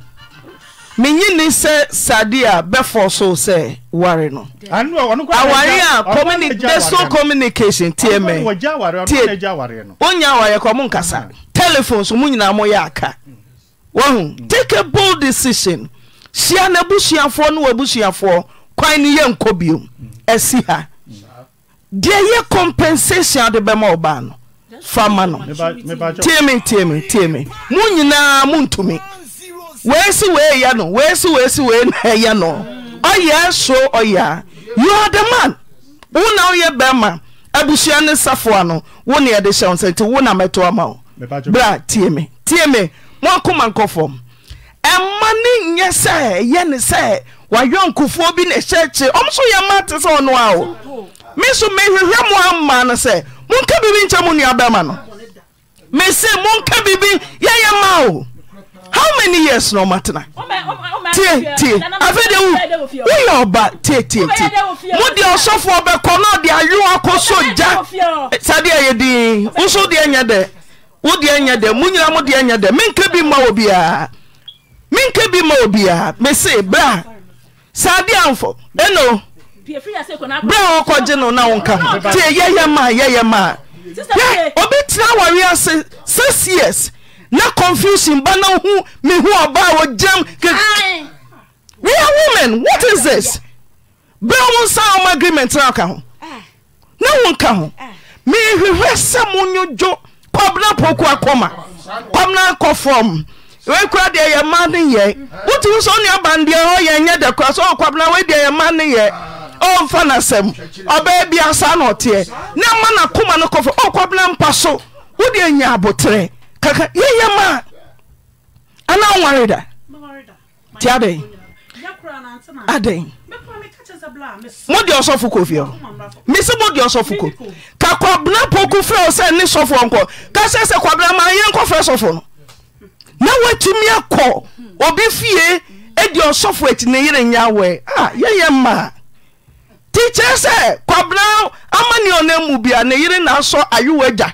menyini sɛ sadeɛ a bɛfɔ so sɛ ware no awareaywatemonyinaayɛ able ds hia no ah. abusuafoɔ nabsuafoɔ kwan ny b deɛ yɛ compensation de bɛma ɔbaa nofama nooyinaao wee si wee ya nọ wee si wee si wee na ya nọ ọya so ọya you are the man wo na woyɛ bɛrima abusua ne safoa no wo na yɛde hyɛ wo sɛ nti wo na mɛto ama wo bra tie me tie me moakoma nkɔfɔm ɛma ne nye sɛ ɛyɛ ne sɛ wayɔnkofoɔ bi ne ɛhyɛkye ɔm so yɛ ma te sɛ ɔno a o me so mehwehwɛ mụ ama na mụ no sɛ monka biribi nkyɛ mo nuabɛrima no mese monka ya ya mma o oh. how many years na ɔma tena tie tie afei de wo woyɛ ɔba tie tie tie mo deɛ ɔsɔfoɔ bɛkɔ na ɔde ayowa kɔ so gya sadeɛ yɛ din nso deɛ nyɛ dɛ wo deɛ nyɛ dɛ mo nyina mo deɛ nyɛ dɛ menka bi ma obiara menka bi ma obiara mese bra sadeɛ amfo ɛno bra wɔkɔgye no na wo nka ho tie yɛyɛ ma yɛyɛ ma obi tena aware ase six years na confusion ba na hu mehu ɔba a wɔgyam we are women what is this berɛ wo nsa agreement ah. na woka ho ah. na wo nka ho mehwehwɛ sɛ monwodwo kwabena poku akɔma kwamena akɔfam wei kora deɛ yɛ ma ne yɛ wotiwo sɛ wone abandeɛ ɔyɛ nyɛ da kora sɛ ɔkwabena wei deɛ yɛ ma ne yɛ ɔmfa nasɛm ɔbɛɛ biasaa na ɔteɛ ne ama nakoma no kɔfɛ ɔkwabena mpa so wode anya aboterɛ kaka yɛyɛ maa ana nwari da nti adɛn adɛn mode ɔsɔfo kɔ fie hɔ mese mode ɔsɔfo kɔ ka kwabena poku frɛ wo sɛ ne sɔfoɔ nkɔ ka sɛ sɛ kwabena ma yɛn kɔfrɛ sɔfo no na woatumi akɔ obi fie adi e ɔsɔfo ati e ne yere nya awɔe a ah, yɛyɛ maa ti kyerɛ sɛ kwabena ama ne ɔna mu na ne na-asọ ayowa agya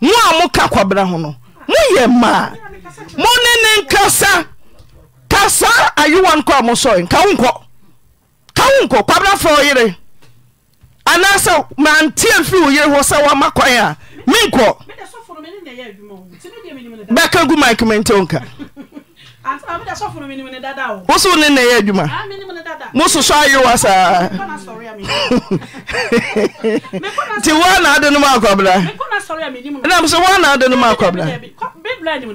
mo a moka kwabena ho no moyɛ maa mo ne ne nkasa kasa ayowa nkɔ a mosɔe ka kwabra ka wonkɔ kwabenafo ɔyere anaasɛ mantea mfiri wo yere hɔ sɛ woama kwan a menkɔ bɛka gu mikmanti onka Ah, wosow ne na ɛyɛ adwuma ah, mososo ayewa saa nti woa na ade no ma akwabra ɛnam sɛ woa na ade no ma akwabra me bra wɔ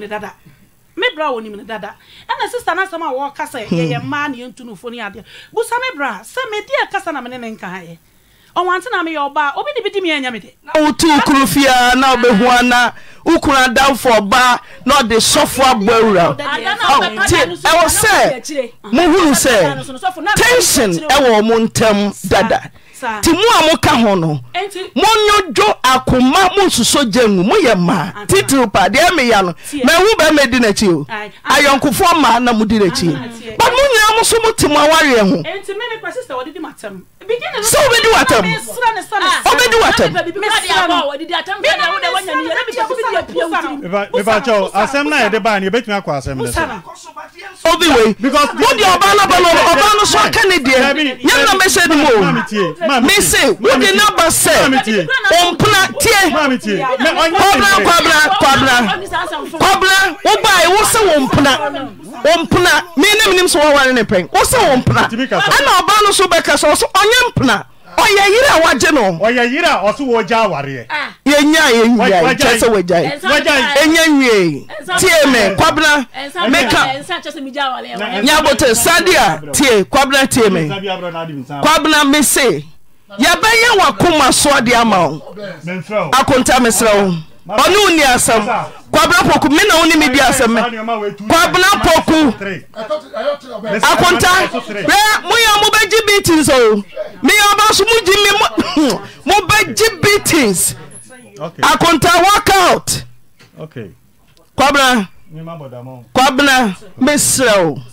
nim ne dada ɛna sista no asɛm a wɔɔka sɛ yɛyɛ mmaa ne yɛntu nofo ne adeɛ busa me bra sɛ medi ɛkasa na mene ne nka ayɛ ɔwante na meyɛ ɔbaa obi ne bi di mi ɛnyɛ me de. na wotu ukuru fia na ɔbɛhu ana ukuru adanfo ɔbaa na ɔde sɔfo abɔ awura ɛwɔ sɛ mohunu sɛ tension ɛwɔ ɔmo ntɛm dada ti mu a moka ho no monyodwo akoma monsuso gya ngu moyɛ maa titiri pa deɛ meya no mahu bɛ mɛdi n'akyi o ayɔnkofoɔ maa na modi n'akyi but mo nyinaa mo so mote mo awareɛ ho So sɛ wobɛdi watam wobɛdi watamepakyɛw asɛm no yɛde baa no yɛbɛtumi akɔ asɛm no so obi wei wode ɔbaa no ba no ɔbaa no so aka ne deɛ nyɛ na mɛsɛ no mu o mese wode no ba sɛ ɔmpena tie kwabra kwabra kwabra kwabra wobae wo sɛ wɔ mpena ɔmpena me ne menim sɛ wɔware ne pɛn wo sɛ wɔ mpena ɛna ɔbaa no so bɛka sɛ ɔso ɔnyɛ ɔnyɛ mpena ɔyɛ yere a wagye no ɔyɛ yere a ɔso wɔgya awareɛ yɛnya yɛnwiae kyɛ sɛ wagyae ɛnya nwiee tie me kwabena meka nyabote sade a tie kwabena tie me kwabena mese yɛbɛyɛ wakoma soadeɛ ama wo akonta mesrɛ wo ɔne wonni asɛm kwabena poku me na wone medi asɛm me kwabena poku akonta bɛ moyɛ mobɛgye beatings o meyɛ ɔba so mogye me mobɛgye beatings akonta workout kwabena kwabena mesrɛ o oh. okay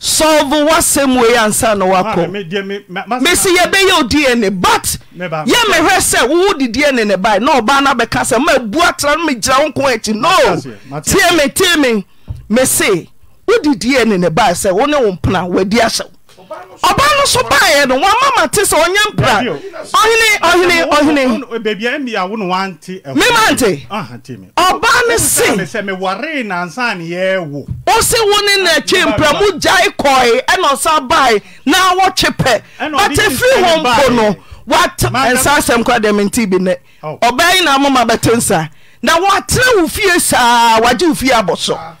sọlve w'asɛm wei ansa na woakɔ mesi yɛbɛyɛ o dna but yɛ mehwɛ sɛ wowo de dna ne bae na ɔbaa no bɛka sɛ mabu atra no megyira wo nko akyi no tie me tie me mese wode dna ne bae sɛ wo ne wo mpena w'adi ahyɛw ɔba no baa ya no wama ma te sɛ ɔnyɛ mpra memante ah, ɔba ne se wo se wo ne na atwe mpra mu gyae kɔe ɛna ɔsa bae na wɔtwe pɛ bɛte firi hɔ mpo no wɛnsa asɛm kora deɛ menti bi nɛ oh. ɔbaa yi na moma bɛte nsa na woatena wo fie saa wagye wo fie abɔ so ah.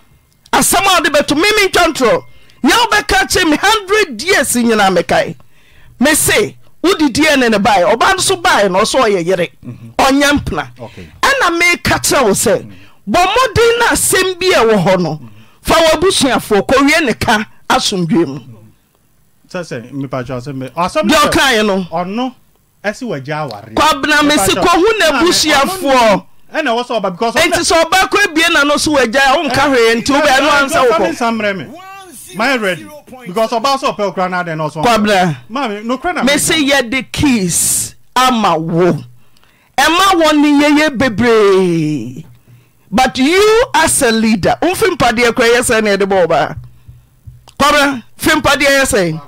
asɛm a wode bɛto meme nyɛ wobɛka kye me 100 years nyinaa mekae me se wodediɛ ne ne bae ɔba no so bae na ɔsɛ ɔyɛ yere mhm. ɔnyɛ mpena ɛna meka kyerɛ wo sɛ bɔ mmɔden no asɛm bi a hɔ no fa w'abusuafoɔ kɔwie ne ka asomdwe mu deɛ ɔkae no kwabena me se kɔhu na abusuafoɔ enti sɛ ɔba kɔ abie na no so w'agyae a wonka hwee nti wobɛɛ no ansa wo kɔ kwr me se yɛde kess ama wo ɔma wɔno yɛyɛ bebree but yu asɛ leader ofempadeɛ kora yɛ sɛ no ɛde bɔbaa kwaera fipadeɛ yɛ sɛ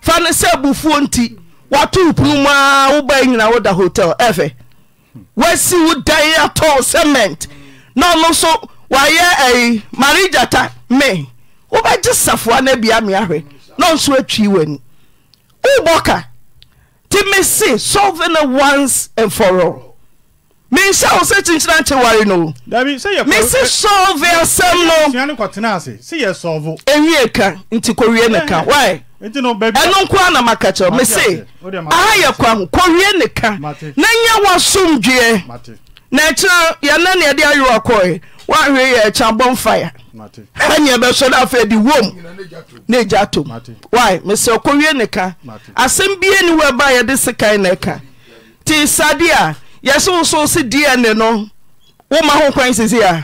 fano sɛ abofuo nti woato opnumu a wobaa nyina woda hotel ɛfɛ woasi wo da atol sement na ɔno so woayɛ maregata e wobɛgye safoa no abia me ahwɛ na nso atwii w'ani wobɔ ka nti mese solve no once and for all menhyɛ wo sɛ kyinkyina nkye ware no mese solve asɛm no ɛwie ka nti kɔwie ne ka eh, eh. wy ɛno nko a na maka kyerɛw mese aha yɛ kwa ho kɔwie ne ka na nyɛ woasomdwoeɛ n'ekyir ɛkyena yɛna ne ɛde awerɛ kɔe woahwere yɛ ɛkya bɔmfaya ɛnyɛ bɛsɔ de afei de wom ne agya tom mesɛ ɔkɔwie ne ka asɛm bie ne wo ɛba yɛde sekan na ɛka nti sadeɛ a yɛse wo so se dn no woma ho kwan sisi a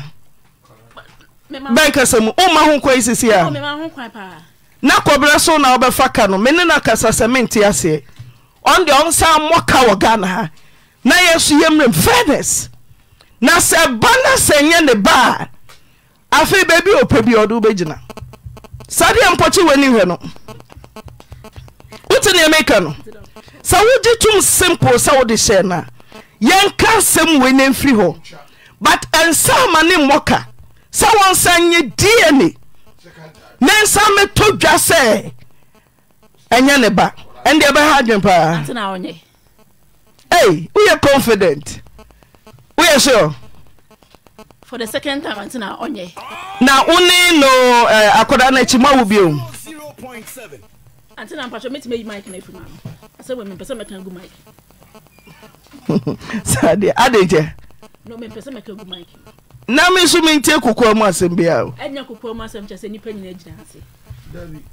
bɛnkasɛ mu woma ho kwan sisi a oh, na kɔberɛ so na wobɛfa ka no mene na kasa sɛ mente aseɛ ɔnde ɔnsa mmɔ ka wɔ ghana ha na yɛ so yɛ mmerɛm fairness na sɛ ɛba na sɛ nyɛ ne ba a afei baabi a opɛ bia ɔde wobɛgyina saa de ɛ mpɔkye w'ani hwɛ no wote neɛmɛka no sɛ wogye tom simple sɛ wode hyɛɛ no a yɛnkra asɛm weinamfiri hɔ but ɛnsa ama ne mmɔka sɛ wo nsa nye deene nensa metɔ dwa sɛ ɛnyɛ ne ba ɛnde bɛha adwen paa e woyɛ confident woyɛ sure for the second time na onye. Eh, na wone no akwadaa no ma mu awo bio. na mpatwa mi ti mic na efi mu ano ase wɔ mi mpɛ sɛ mɛka gu mic. sadi no mi mpɛ sɛ mɛka gu mic. na mi nso mi ntie kokoa mu asɛm bi a. ɛnyɛ kokoa mu asɛm kyɛ sɛ nipa nyinaa gyina ase.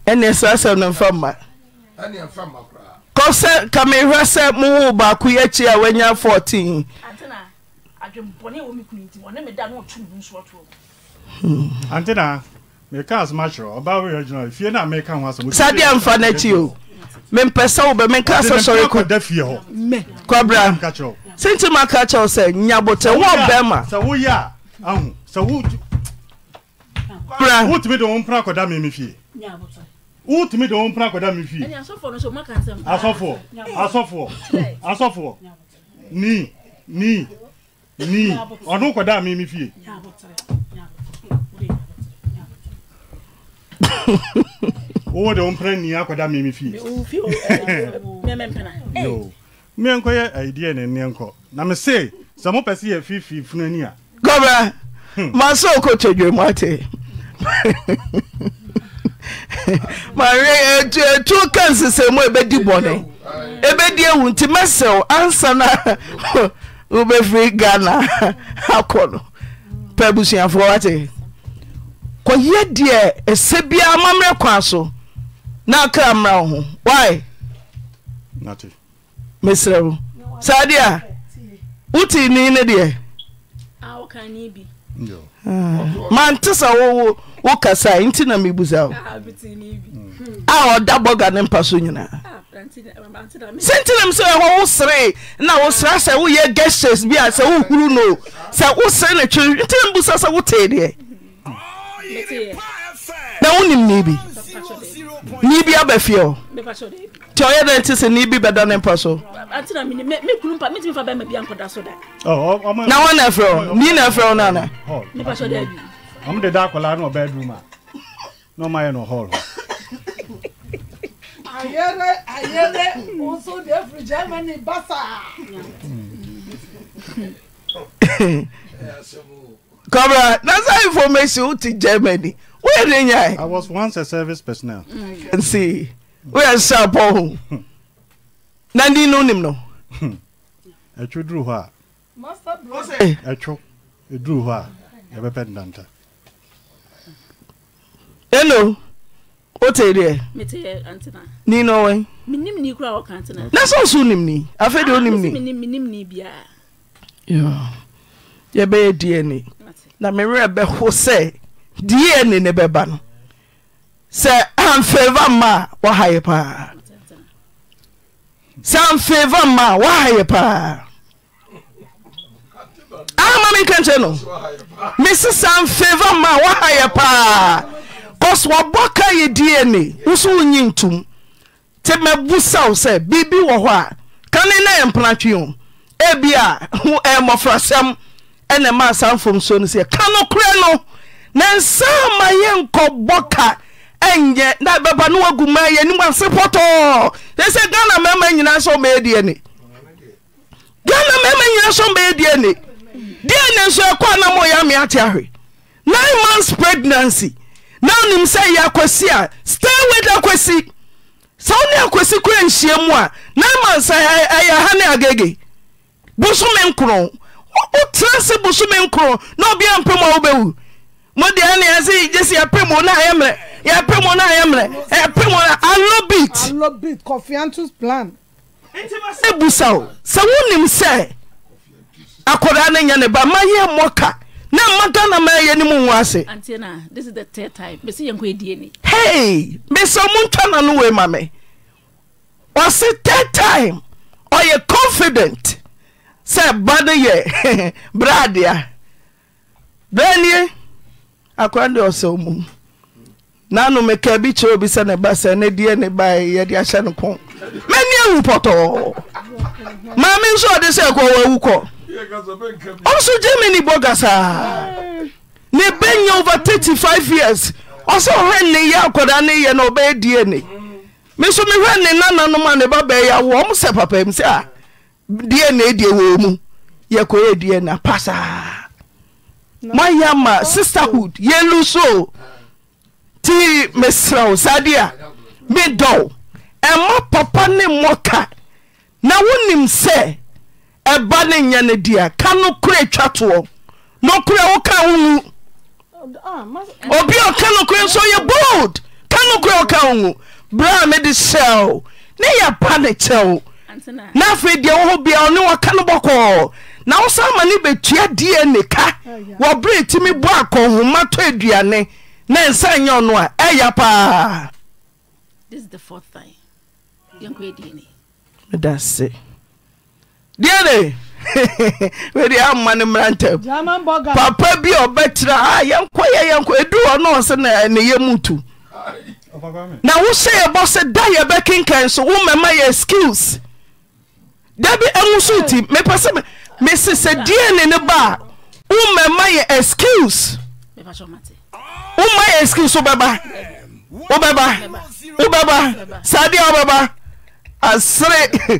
ɛnna ɛsɛ asɛm na nfa ɛnna mma koraa. kɔ sɛ sɛ wo baako yɛ adwembɔne a wɔ me kunu nti wɔne me da na ɔto me nso ɔtoɔ hmm. ante na asoma kyerɛ ɔba woyɛ gyina fie no a meka ho asɛm saa deɛ mfa no akyi o mempɛ sɛ wobɛ menka sɛ sɔre kɔda fie hɔ kwabra senti maka kyɛw sɛ nyabotɛ wo ɔbɛma sɛ woyɛ a ahu sɛ wo wotumi de wo mpra kɔda meme fie wotumi de wo mpra kɔda me fie asɔfoɔ asɔfoɔ asɔfoɔ ni ni ni ọdún kọdá mi mi fie. owó de wọn pẹrẹ ni akọdá mi mi fie. mi nkọ yẹ ayidiẹ na ni nkọ na mi se sẹ mo pẹ si yẹ fifi funu ni a. gọbẹ hmm. maa sọ ọkọ tẹjọ mu ati marie etu etu kan sisẹ mu ebedi bọni ebedi ewu nti mẹsẹw ansa na. wobɛfri ganaakɔ pɛbsuafoɔ wat kɔyɛ deɛ ɛsɛ bia mamrɛkwa so na kra mmra wo ho mɛrɛ ah, ah. sa deɛa wote nin deɛmate soo wokasa nti na mebusa wo a ɔda bɔga ne mpa so nyinaa na mi sɛ ɛhɔ wo na wo sra sɛ woyɛ gestures bi a sɛ wohuru no sɛ wo sere ne twere nti na mbusa sɛ wotee deɛ na wonim ne bi ne bi aba fie o nti ɔyɛ dɛ nti sɛ ne bi bɛda ne mpa so na wɔn na ɛfrɛ wo ni na ɛfrɛ wo no ana I'm de da akwadaa no wɔ bedroom a na ɔmo ayɛ no hall. ayere ayere nso de efiri germany basa. kɔbra na sa information wo ti germany Where are you? i was once a service personnel. nsi woyɛ sharp ɔho na Nandi, no nim no. drew ɛtwo duru hɔ a. ɛtwo drew her. a yɛbɛpɛ ndanta hello o tẹ deɛ. mi tẹ yɛ antina. ni na ɔwɛ. mi nim ni kura ɔka antina. na sɔn so nim ni afɛ de o nim ni. mi nim mi nim ni biara. yɛ bɛ yɛ dna na mi rɛ bɛ ho sɛ dna ne bɛ ba no sɛ anfɛva mma waha yɛ paa sɛ anfɛva mma waha yɛ paa ama mi kɛntɛ no mi sisan anfɛva mma waha yɛ paa. ɔka yɛdine woso wo yi ntom ti mɛbo sawo sɛ biribi wɔ hɔ a kane na ɛ mpnatwi o bia mmɔfrasɛm nɛ maasa mfamsuo no s kanoɛ a ma ɛɔɔkaa pgany na wonim sɛ yɛ akwasi a stay with akwasi sɛ wo ne akwasi kora nhyia mu a na ma nsa ɛyɛ ha ne agege bosome nkoro wotena se bosome nkoro na ɔbia mpem a wobɛwu mode ɛne ɛse gye sɛ yɛpem wo no a yɛ mmerɛ yɛpem wo na a mmerɛ yɛpem wo no alobit nti ma sɛ busa o sɛ wonim sɛ akɔdaa no nyɛ ne ba ma yɛ mmɔka ne ma a namaɛnmu aseei mɛsɛ omu twa na no ei ma me ɔse tid time ɔyɛ confident sɛ ba no yɛ berɛdea berɛnni akandeɛ ɔsɛm na anomeka bi kyeɛobisɛne basɛnedeɛne bayɛe ɛnkɔ m'ani wu pɔɔ maa me nsoɔde sɛɔw kɔ ɔnso germany bɔ gasaa ne bɛnya over 35 years ɔsɛ ɔhwɛ ne yɛ akɔda ne yɛ na ɔbɛyɛ die ne me so mehwɛ ne nananom a ne ba bɛɛyɛ awo ɔm sɛ papa m sɛ a die ne ɛdeɛ wɔ mu yɛkɔyɛ die na ma moayɛ ama sisterhood yɛlu so ti mesrɛ wo saa deɛ ɛma papa ne mmɔka na wonim sɛ ɛba ne nyɛ ne dia ka no korɛ twa toɔ nokora wo wo wu obi a ɔka nokora nso yɛ bold ka nokora woka wo wu berɛ a mede sɛwo ne yɛ ba ne kyɛwo na afei deɛ wo hɔ bia ɔne no bɔkɔɔ na wosa ama ne bɛtua diɛ ne ka wɔberɛ tumi bɔ akɔnhoma tɔ aduane na ɛnsa nyɛ ɔno a ɛya paa deɛdewe amma n an papa bia ɔbɛtrɛ yɛnkyɛnk ɛdurɔnɔɔ se ne y muto na wo sɛ yɛbɔ sɛ da yɛbɛkenkɛn so wo mama yɛ skuls da bi wu so ti mepɛ sɛ mese sɛ deɛ ne ne ba a wom ma y skswm yɛ suls wowobbaw saa deɛ wobba asere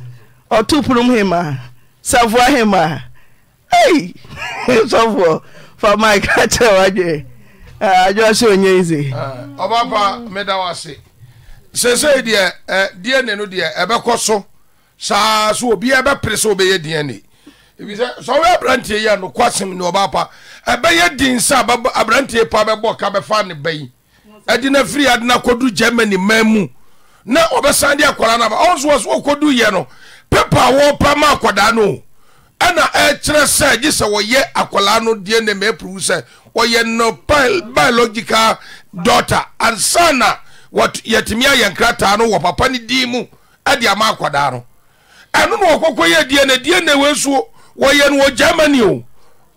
ọtụpụrụ him a savuo him a ei sọfọ fama ika kyerɛ wadwe adwo sɛ onye ize ɔbaba meda wo ase seesei deɛ dna no deɛ ɛbɛkɔ so saa so obiaa bɛpere sɛ wobɛyɛ dna ebisɛ sɛ woyɛ aberanteɛ yi a nokwasɛm ne ɔba pa ɛbɛyɛ din sɛ aberanteɛ pa bɛbɔ ka bɛfa ne ba yi ɛde no afiri ade no akɔdu germany man mu na ɔbɛsan de akɔra no aba ɔnso wɔ so wɔkɔdu yɛ no pepa a wɔrepa ma akwadaa no ɛna ɛkyerɛ sɛ gye sɛ wɔyɛ akwadaa no deɛ ne ma apuru sɛ wɔyɛ no biological daughter ansa na yɛtumi ayɛ nkrataa no wɔ papa no din mu ɛde ama akwadaa no ɛno na wɔkɔkɔ yɛ deɛ ne deɛ ne wɔasuo wɔyɛ no wɔ germany o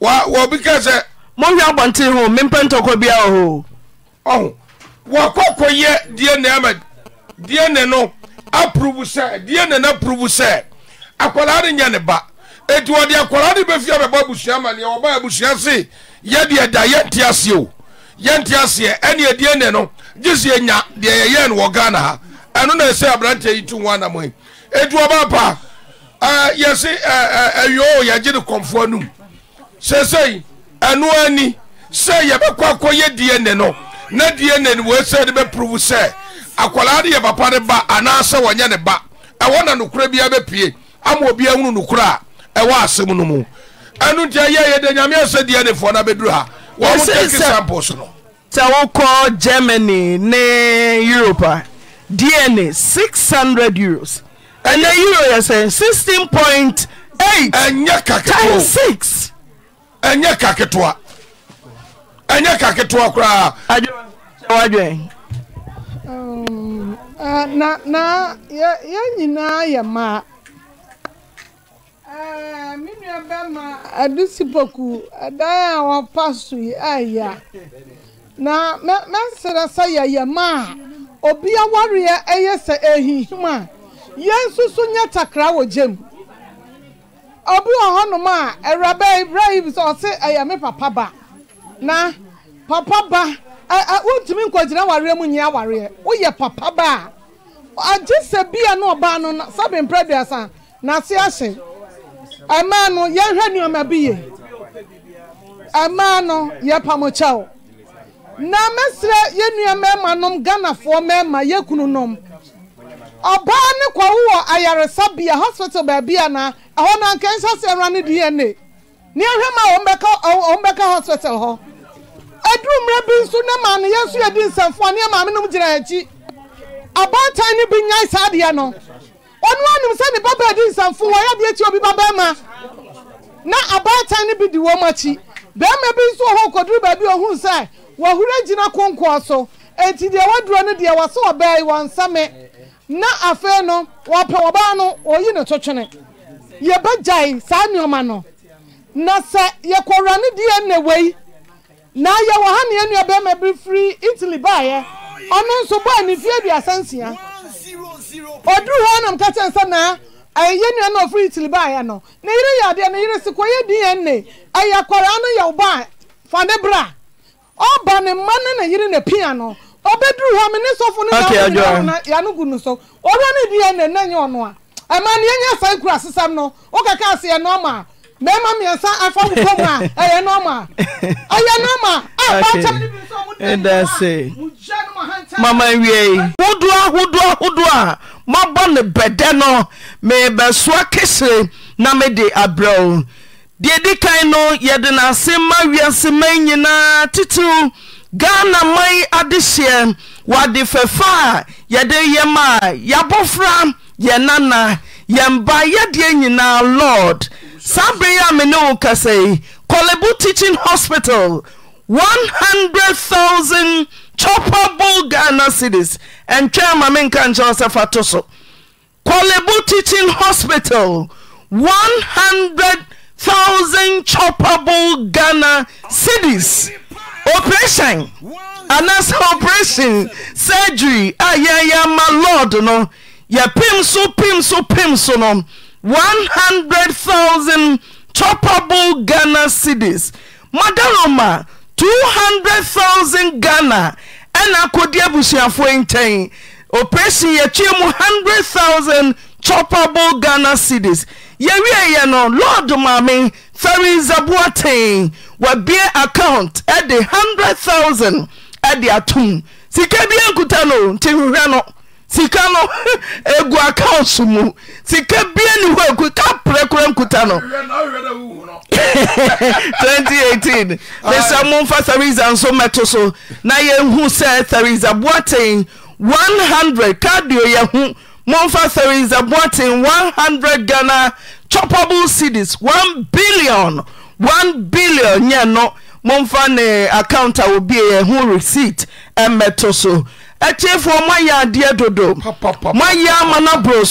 wɔbi ka sɛ mohwɛ abɔnten ho mempɛ ntɔkɔ biara hɔ ɔho wɔkɔkɔ yɛ deɛ ne ama deɛ ne no apurubu sɛ deɛ nana purubu sɛ akwadaa ne nya ne ba eti wɔde akwadaa ne bɛfi abɛbɔ abusua ma nea ɔba abusua se yɛ deɛ da yɛ nte aseɛ o yɛ nte aseɛ ɛne ɛdeɛ ne no gye si enya deɛ yɛyɛ no wɔ ghana ha ɛno na ɛsɛ aberanteɛ yi tu wɔn anamɔ yi ɔba pa ɛɛ yɛsi ɛɛ ɛyɔ o yɛgye ne kɔnfoɔ num sɛsɛyi ɛnoa ni sɛ yɛbɛkɔ akɔyɛ deɛ ne no na deɛ ne no wɔsɛ de bɛ purubu sɛ akwaraa de yɛ papa ne ba anaasɛ wɔnyɛ ne ba ɛwɔ na nokora bi abɛpie ama obi ahunu nokora a ɛwɔ asɛm no mu ɛno nti ɛyɛ yɛ de nyame ɛsɛ deɛ nefoɔ no abɛduru ha wɔn mo take samples no sɛ wokɔ germany ne europe ah. a six hundred euros ɛnɛ euro yɛ sɛ 16 point eight ɛnyɛ kaketoa 6 ɛnyɛ kaketoa ɛnyɛ kaketoa koraa adwen Oh. Uh, na na yɛn nyinaa yɛ uh, mmaa me nua bɛma adusi poku dan a wɔpa so yi ayɛ na mɛnsere sɛ yɛyɛ mmaa obi awareɛ ɛyɛ sɛ ehihim a yɛn nso so nyɛ takra wɔ gyam obi wɔ hɔnom a awuraba ibrahim sɛ ɔse ɛyɛ me papa ba na papa ba. wontumi nkɔgyina awareɛ mu nyɛ awareɛ woyɛ papa ba a agye sɛ bia na ɔbaa no sɛbe mprɛ duasa n'ase ahye ɛmaa no yɛhwɛ nneɔma bi yie ɛmaa no yɛpamokyɛw na mɛsrɛ yɛ nnua mmarima nom ghanafoɔ mmarima yɛkunu nom ɔbaa ne kɔwo wɔ ayaresabea hospital baabi ana ɛhɔ no anka nhyɛ sɛ ɛwura ne dna ne ɛhwɛ ma ɔmbɛka hospital hɔ aduru mmerɛ bi nso na maa no yɛn nso yɛ di nsɛmfoɔ ne maame nom gyina akyi abɔntan no bi nyan saa adeɛ no ɔno anum sɛ ne baba adi nsɛmfo wɔyɛ adeɛ kyi obi babarima na abɔntan no bi di wɔn akyi bɛrima bi nso hɔ kɔduru baabi ohun sɛ wɔhura gyina konkoɔ so eti deɛ wɔduro no deɛ wɔso ɔbɛɛ wɔn nsɛmɛ na afei no wɔpɛ ɔbaa no wɔyi ne totwene yɛbɛgyae saa nneɛma no na sɛ yɛkɔwura ne deɛ na wei. na yɛ wɔ ha ne yɛn nua bɛrima bi firi italy baayɛ ɔno nso bɔɔ ne fie aduasa nsia ɔduru hɔ nam ka kyɛn sɛ naa ɛyɛ yɛn nua na ɔfiri italy baayɛ no ne yere yɛ adeɛ ne yere si kɔ yɛ dna ɛyɛ akwaraa no yɛ ɔbaa fa ne bra ɔba ne mma ne ne yere ne pia no ɔbɛduru hɔ mi ne sɔfo ne yɛ ɔno na yɛn gu no so ɔno ne dna ne nyɛ ɔno a ɛma ne yɛn nyɛ sɛn kura sisam no ɔkaka ase yɛ nɔɔma mawii hodoa hodoa hodoɔ a mɔbɔ ne bɛdɛ no mebɛsoa kehyerɛ na mede aberɛwo deɛ di kan no yɛde naasem ma wiɛse man nyinaa titiw gha na mayi adehyeɛ wɔade fɛfa a yɛde yama a yɛbɔfra yɛnana yɛmba yɛdeɛ nyinaa lord saa bereɛ a mene wo ka sɛei kɔlebo teaching hospital 100,s0 choparbull ghana cidies ntwɛ ama menka nkyɛwo sɛfa to so kɔlebo teaching hospital 100,0s0 choparbull ghana cidies operation anasɛ operation surgery a yɛyɛ ama lord no yɛ pem so pemso pem so no 100,000 choparbll ghana cidies madaroma 200,000 ghana na kɔde abusuafo i ntɛn opresin yɛtie mu 100 ,000 choparbll ghana cidies yɛwie yɛ no lɔrd maame fari zaboa tee wabie account de 100,000 de atom sikadia nkuta no ntimhwɛ no sika no gu acoon so mu sika bianehɔaprɛ koa a no0 ɛ sɛ momfa hereza nso mmɛto so na yɛhu sɛ thereza boaten 100 cardo yah momf heresa boaten 100 ghana chopable cedies 1 billion1 billion yɛ no momfa ne accounta ɔbie yɛho receipt mmɛto so atiefoɔ moayɛ adeɛ dodo moayɛ ama no borɔ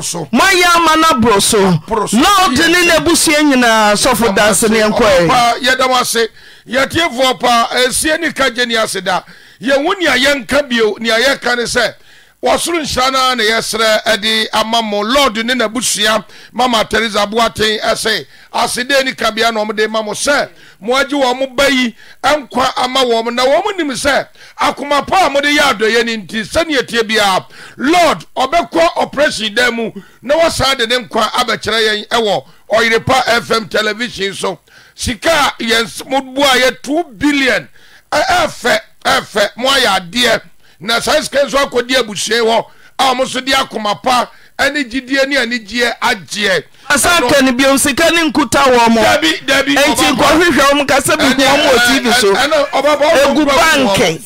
so moayɛ ama no borɔ so na ɔde ne na abusua nyinaa sɔfo danseneɛnkɔe yɛda w ase yɛatiefoɔ paa asie ne ka gye ase da yɛwo nea yɛnka bio nea yɛka ne sɛ wɔsoro nhyira no na yɛserɛ de ama mo lord ne n'abusua mama teresa boaten ɛse asede ni kabea na ɔmde ma mo sɛ moagye wɔn mo ba yi nkwa ama wɔn na wɔn nim sɛ akoma pa a mode yɛ adɔyɛ no nti sɛnea tie biara lord ɔbɛkɔ operation dan mu na wɔsan de ne nkwa abɛkyerɛ yɛn ɛwɔ ɔyerepa fm television so sika a yɛn mo bua yɛ two billion ɛfɛ e, ɛfɛ mo ayɛ adeɛ na saa sika nso akɔdi abusua hɔ a wɔn nso de akoma pa ɛne gyidie ne anigyeɛ agyeɛ. asa kan bio sika ne nkuta wɔn mo dabi dabi eti nkɔhwehwɛ wɔn kasa bi hu wɔn wɔ tv so egu banki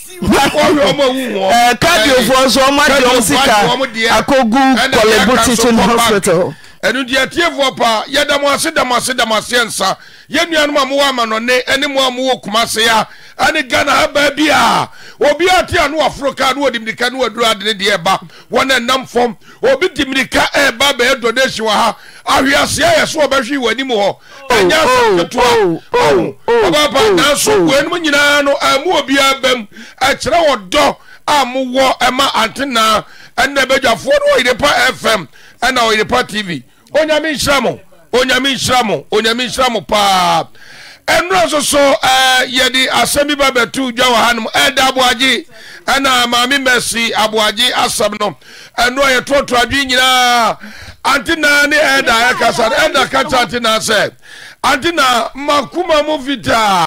ɛɛ kadiofoɔ nso wɔn adi wɔn sika akogu kɔlɛbu teaching hospital ɛnu deɛ tiefoɔ paa pa mo ase da mo ase da mo ase nsa yɛn nuanom a mowɔ amanɔne ɛne mo a mowɔ kumase a ɛne ghana abaa bi a obi ate a no waforo kaa no wɔde mmirika no waduro ade ne deɛ ɛba wɔn ɛnam fam obi de mmirika ɛɛba bɛyɛ donation wɔ ha ahweaseɛ yɛ so wɔbɛhwe wɔ anim hɔ oh, ɛnyɛ asɛm oh, ketewa oh, ɔbaapa nanso wɔanom nyinaa no ɛmu obiara bɛm ɛkyerɛ wɔ dɔ a mowɔ ɛma antenaa ɛnna bɛdwafoɔ no wɔ yerepa fm ɛna wɔ yerepa tv onyame nhyira mo onyame nhyira mo onyame nhyira mo paa ɛnora soso eh, yɛde asɛm bi ba bɛtou dwa wɔ ha no m ɛda aboagye ɛna maamemmɛ si aboagye asɛm no ɛnora yɛtoɔtoadweni nyinaa antenaa ne ɛda ɛkasa no ɛda kaka ante naa sɛ ante naa makoma mu fitaa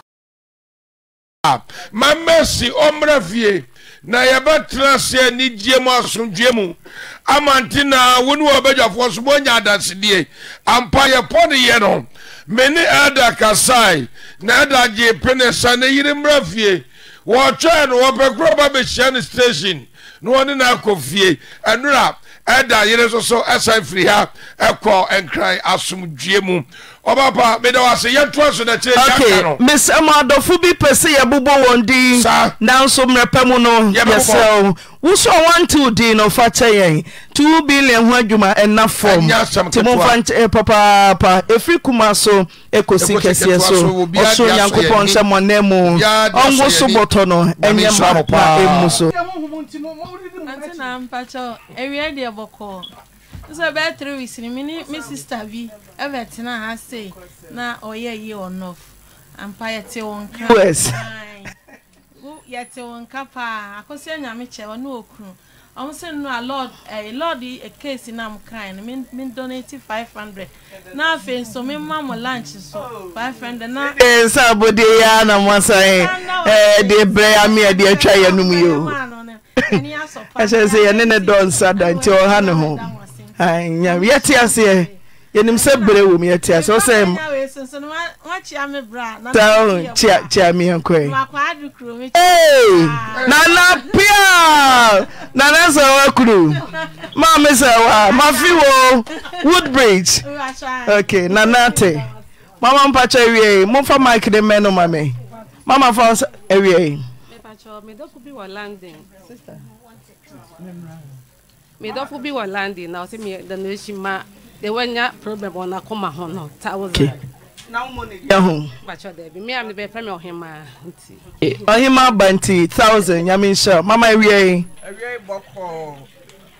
mamɛ si ɔmmra fie na yɛbɛtena sɛ anigyeɛ mu asomdwe mu ama nti na wo ne wɔbɛdwafoɔ so moanya adasedeɛ ampa yɛpɔ ne yɛ no me ne ɛda kasae na ɛda gyee pene sa ne yere mmra fie wɔtwɛɛ no wɔpɛ korɔ ba bɛhyia no station na wɔne no akɔ fie ɛnora ɛda yere nso so ɛsan firi ha ɛkɔ nkran asomdwie mu ɔbapa meda wo ase yɛntoa so na kyerɛ no mesɛ mu adɔfo bi pɛ sɛ yɛbobɔ wɔn din nanso mmerɛpɛ mu no yɛsɛ wosɛ wantewo dii no ɔfa kyɛ yɛn nti wo biliɛn ho adwuma ɛna fam ti momfa nkyɛ papaapa ɛfiri kuma so ɛkɔsi kɛseɛ so ɔsoro nyankopɔn hyɛ mɔna mu ɔnwo so bɔtɔ no ɛnyɛ mapa mu so nso bɛɛ three weeks mi ni mi sista bi ɛbɛ tena ha sei na ɔyɛ yie ɔnɔf ampa yɛ te wɔn kan wo yɛte wo nka paa akosi anyame kyɛ ɔne okunu ɔmo sɛ nnu a lord ɛɛ eh, lord yi ekeesi nam kan no mi donate five hundred na afei nso mi ma mo lunch so five hundred na. ɛdi nsa abodie ya na mo asa ɛɛ de brɛ ya mi atwa yɛ num yi o ɛhyɛ sɛ yɛne ne dɔ nsa da ɔha ne ho nyame yɛte aseɛ yɛnim sɛ berɛ wɔ mu yɛte asɛ sɛkyia meɛnkɔe nana pia nana sɛ wakuro ma me sɛ wa woodbridge ok nana te mama mpakyɛ awiei momfa mike ne mɛ no ma me mama fa sɛ awiei medɔfo bi wɔ london na mi ɔsɛ medanoahyima de wanya problem wɔ n'akoma ho no uh, eh, thousand. na wɔn ne yɛ ho. bàtchɔ dɛbi mi àmì bɛɛ fɛ mi ɔhima nti. ɔhima thousand nyame nhyɛ mama ewia yi. ewia yi bɔ kɔ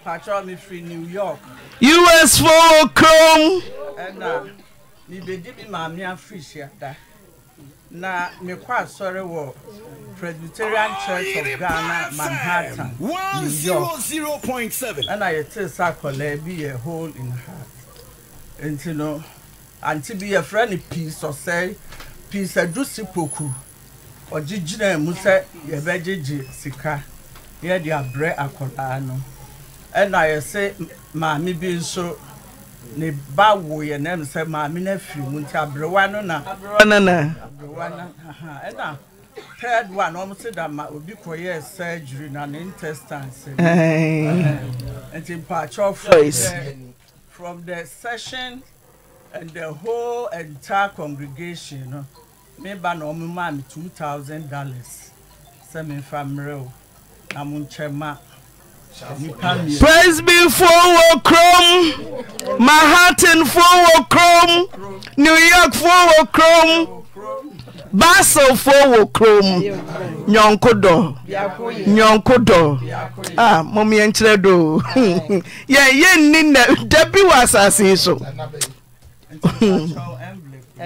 patro mi firi new york. us fo krom. ɛna mi bɛ di mi maame afiri siata na mekɔ asɔre wɔ presbyterian church of ghana manhattan new york ɛna yɛte sa akɔlaa bi yɛ hole in heart nti no ante bi yɛfrɛ no pii sɔsɛe pii sɛdu si poku gyina mu sɛ yɛbɛgyegye sika yɛde abrɛ akɔdaa no ɛna yɛse maame bi nso ne ba wo yɛ nam sɛ maame no afiri mu nti aberewa no na ɛna third one ɔmo se da ma obi kɔyɛ surgery na ne intestines nti mpakyɛ ɔfrɛ from the session and the whole entire congregation you no know, meba na ɔmo maa mi two thousand dollars sɛ mi nfa mmerɛ o na mo nkyɛn ma praise be for wo krom manhattan for wo krom new york for wo krom. baselfo wɔ kurom nyɔnko dɔ nyɔnko dɔ momyɛnkyerɛ doo yɛnni nɛ da bi wɔ asase yi so mama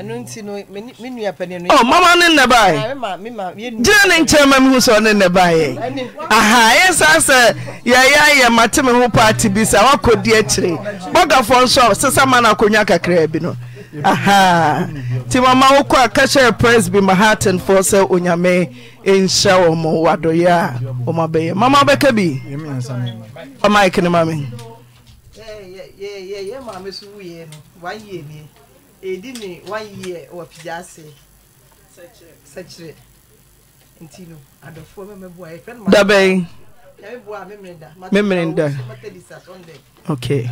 ne nnɛ baɛ ah, gyina ne nkyerɛ ma mehu sɛ ɔne nnɛ baeɛ aha yɛ saa sɛ yɛyɛ yɛ mate me ho paate bi sa woakɔdi akyire bɔgafoɔ nso sesa ma no akɔnwa kakraa bi no nti mama wokɔ a ka kyerɛ pres bi mahatenfoɔ sɛ onyame ɛnhyɛ wɔ mo wadɔyɛ a ɔma bɛyɛ mama wobɛka bi ɔmaik ne ma me yɛ maame one year nie ɛdi ne one year wɔ pigya ase sɛkyerɛ nti no adɔfoɔ mɛmɛboa yɛfrɛ no dabɛn memmerenda okay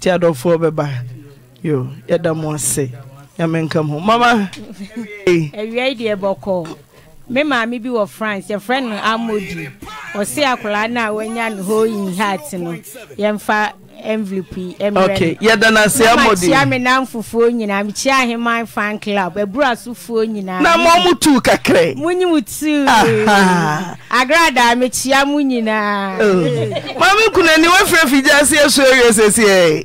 nti adɔfoɔ bɛba yo yɛda mo ase nyame nka ho mama awia yi deɛ bɔkɔ me maame bi wɔ france yɛfrɛ no amodi ɔse akwaraa no a wanya no hɔ in heart no yɛmfa envelope yi mmerɛ okay yɛda no ase amodi mama kyia me nam fufuo nyinaa mekyia aheman fan club abura sofuo nyinaa na mo mo tu kakra munyi mo tu agrada mekyia mo nyinaa oh. maame kunani wafrɛ figya ase asu awie sɛsiɛ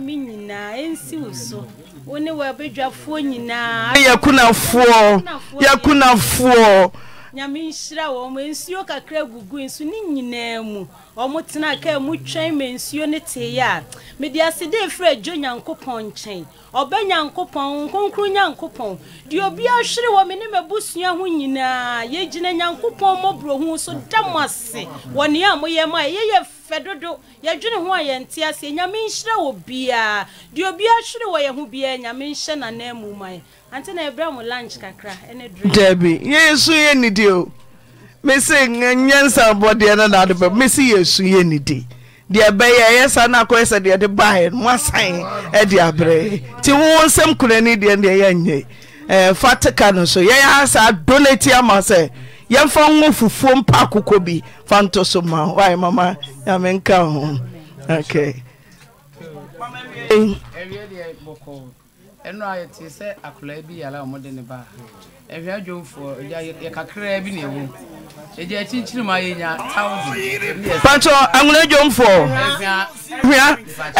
me nyinaa ɛnsi wo so wo ne wɔabɛdwafoɔ nyinaa yɛkunafoɔ yɛkunafoɔ nyame nhyira wɔn nsuo kakra gugu nso ne nyinaa mu wɔn tena kaa mu twɛn ma nsuo ne teeɛ a mede ase de efiri adwo nyankopɔn nkyɛn ɔbɛ nyankopɔn nkonkoro nyankopɔn deɛ obi ahwere wɔ me ne m'abusua ho nyinaa yɛgyina nyankopɔn mmɔborɔ so da mo ase wɔ nea a moyɛ mu a yɛyɛ fɛ dodo yɛdwene ho a yɛnte aseɛ nyame nhyira wɔ biaa deɛ obi ahwere wɔ yɛ ho biaa nyame nhyɛ nanan mu ma yɛ ante na yɛbrɛ mo lunch kakra ɛne dre dabi yɛn yɛ nidi o mesi nyansa no na ade bɛ mesi yɛ su yɛ nidi deɛ bɛyɛ ɛyɛ saa no akɔyɛ sɛ deɛ de baeɛ no moasan ɛde aberɛ nti wo nsɛm kura ni deɛ deɛ yɛnyɛ ɛɛ fatika no so yɛyɛ saa donati ama sɛ yɛmfa wo fufuo mpa akokɔ bi fa ntɔ so ma wae mama nyame nka ho okay. Eh ɛno a yɛte sɛ akwadaa bi yàrá a wɔde ne ba ɛhwɛ adwomfoɔ ɛgya yɛ kakraa bi na ɛwɔ mu ɛgya akyinkyini mu ayɛnya thousand. pàtó anwulẹ̀ dwomfoɔ hwia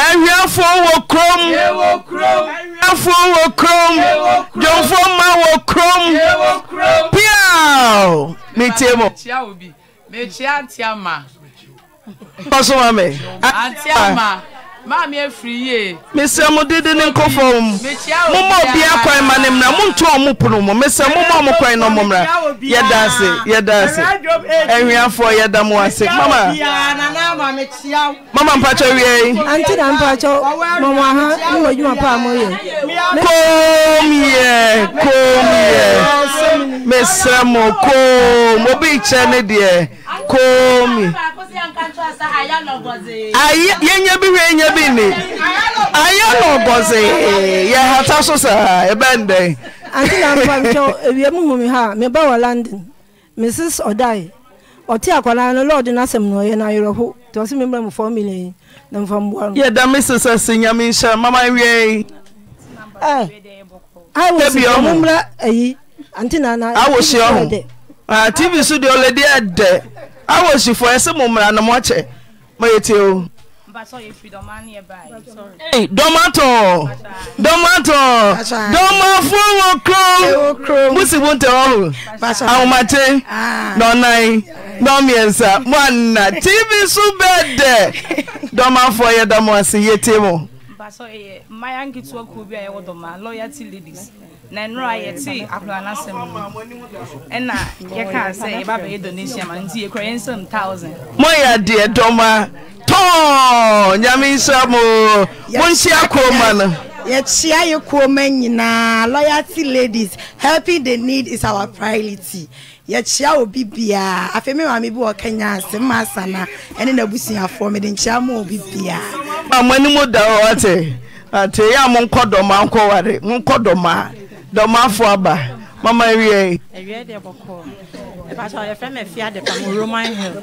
ɛhwiafoɔ wɔ kurom ɛhwiafoɔ wɔ kurom dwomfoɔ ma wɔ kurom piaw mi tie mu. mekyia obi mekyia antiama. kɔsɔn ma mi. antiama maame efiri yie. mesrɛ mo didi ne nkɔ fam momma obia kwan ma ne mmra monto a mo pono mu mesrɛ momma mo kwan no mo mmra yɛda ase yɛda ase awiafoɔ yɛda mo ase mama mama mpakyɛ wiei anti na mpakyɛ mɔmɔ aha ne wɔ adwuma paa moyɛ kom yɛ kom yɛ mesrɛ mo kom obi kyɛ ne deɛ komi yɛnya bi hwɛ yɛnya bi ni ayɛ no ɔgɔze yɛhata so saa ɛbɛn e dɛn ante na mfa mtwɛ awia mu hu me ha meba wɔ london mrs ɔdae ɔte akwadaa no lɔɔde n'asɛm no ɔyɛ n'ayerɛho nti ɔse memmra mu four million na mfa mboa no yɛda mrs ase nyame nhyɛ mama wiei eh, awɔsi ɔmo mmra ayi ante na na awɔsi ɔho tv so deɛ ɔlɛde ɛdɛ awɔ hyifo ɛsɛ mo mmara ah. no mɔkyɛ mayɛ tie o dɔmatɔ dɔmatɔ dɔmafo wɔ krom musi bo ntɛ ɔho ahomakye dɔnan dɔmmiɛnsa mo anna tv so bɛɛ dɛ dɔmafoɔ yɛda mo ase yɛtie mo na nnuro a yɛte akwadaa n'asɛm ɛna yɛka sɛ yɛba bɛyɛ donation ma nti yɛkura yɛn nsɛm thousand. mo yɛ adeɛ dɔm a tɔn nyame nsa mo mo nhyia kuroma no. yɛkyia yɛ kuroma nyinaa loyalty ladies helping the need is our priority yɛkyia obi biara afei mi maame bi wɔ kenya ase mma asana ɛne n'abusuafoɔ mede nkyia mu obi biara. maame ni mo da hɔ ate ate yɛ a mo nkɔ dɔm a nkɔ ware mo nkɔ dɔm a dɔmafo aba mama awie awie deɛ bɔkɔ ɛpatɛ e ɔyɛfrɛ e me afia de pam roman hill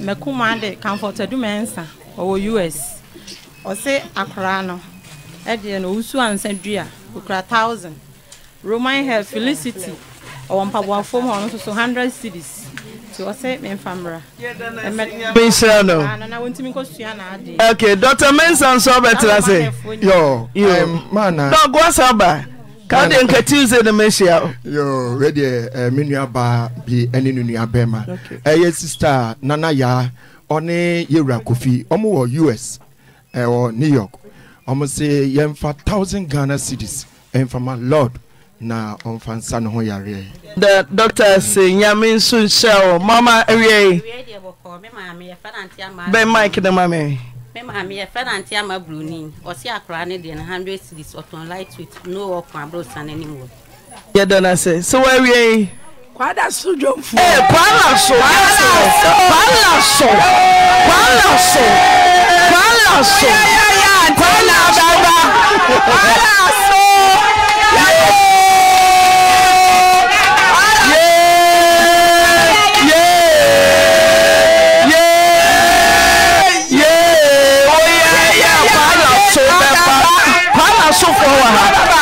makuma de comfort adumɛnsa e ɔwɔ us ɔse akoraa no ɛdeɛ no ɔwusu ansa dua ɔkura thousand roman hill felicity ɔwɔ mpaboafoɔ mu ɔno nso so hundred cities nti ɔse memfa mmra mesrɛ no ah, okay dr mensa nso ɔbɛtena ah, se yɔ yɔ dɔgoa sa ba kade nka tuesday na mehyia o. yoo wedeɛ ɛɛ eh, mi nua baa bi ɛne ne nua bɛrima ɛyɛ eh, sista nana ya ɔne yewura kofi ɔmo wɔ us ɛwɔ eh, new york ɔmo se yɛnfa thousand ghana cities ɛnfama lord na ɔnfa nsa ne ho yareɛ. the doctor say nyame nso nhyɛ o mama awie. bɛn mike ne maame me maame yɛfrɛ no ante ama broni ɔse akora ne deɛ no 100 cities ɔtɔn light wit no ɔko abrɛsa no anim wɔ yɛdɔ no sɛ sɛ woawie yi kwada so dwomfu eh kwala so kwala so kwala so kwala so kwala baba kwala so 救活我！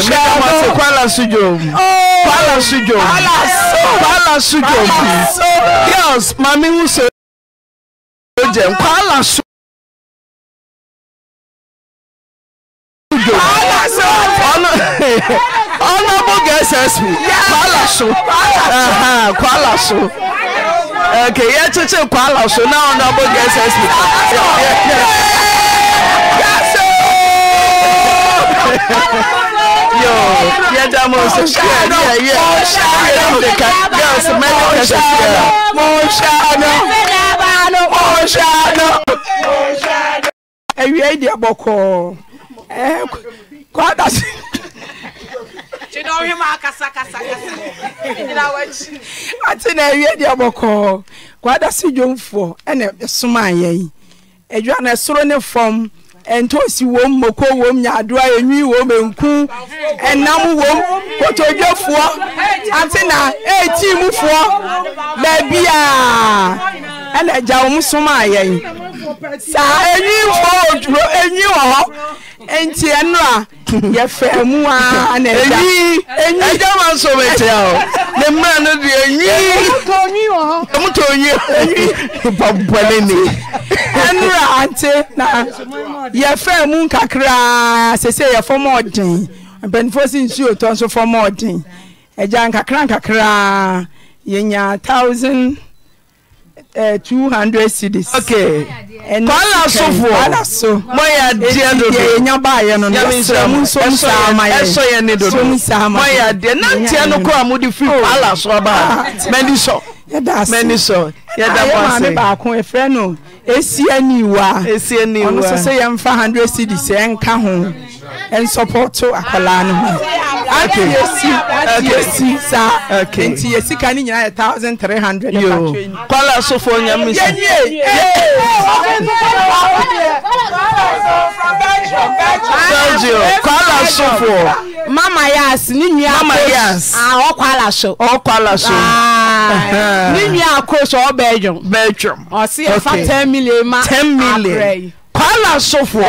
Kwala sujom. Kwala sujom. Kwala sujom. Kwala sujom. Girls, mami who say sujom. Kwala sujom. Kwala sujom. Honorable guest SP. Kwala sujom. Kwala sujom. Okay, yeah, chiche kwala so now honorable guest SP. Yeah, yeah, yeah. Yes, sir. yo yẹda mo ṣe ṣe ẹ ní ẹyẹ yẹda mo ṣe ká girls mẹjọ mo ṣe ṣe ẹ. mo ṣàánú mo ṣàánú mo ṣàánú. ẹwìẹ ìdí ẹ bọkọ ẹ na ɛsoro ne fam ntosi wom moko wom nyadoa enwi wom enku ɛnam wom kotodwefoɔ ate na eti mu foɔ beebia ɛna gya wɔn som ayɛn saa enwi wɔ oduro enwi wɔ hɔ nti ɛno a yɛfɛ mu a na ɛda enyi ɛgya ma nso ma ɛkyɛ o ne mmaa no de enyi ɛmutɔ wɔ hɔ ɛmutɔ onyi onyi bɔbɔ ne a ante na yɛfɛ mu nkakra sese yɛfɔ mu ɔden mpanyinfoɔ si nsuo tɔ nso fɔ mu ɔden ɛgya nkakra nkakra yɛnya thousand. Eh, two hundred cities. okay kọ́lá sọ́fọ̀ mọ yà eh, díẹ̀ eh, dodo yẹn bá yẹn nù ní sọ́mu sàmà yẹn ẹ̀sọ́ yẹn ni dodo mọ yà díẹ̀ náà tiẹ̀ oh. ah, ní kúrò àmúdi fi kọ́lá sọ́ bá mẹ́ni sọ mẹ́ni sọ yẹ dá bọ́ sẹ́yìn. ayé maame baako efrɛ no esi ɛni wa esi ɛni wa ɔno soso yɛn fa hundred cedis yɛn ka ho ɛn support akɔlaa no ho ati yesi ati yesi saa nti yesi ka ne nyinaa yɛ thousand three hundred. yoo kwala asofo onyamisi. yẹn yẹ ee ọkùnrin tó kọ́ ló wà wọ́n belgium kwala asofo. mama yas ne nua mama yas a ah, ɔkwala so. ɔkwala so. Ah. ne nua akos ɔ belgium. belgium ɔsi ɛfa ten million ma abirɛ yi. kwala asofo.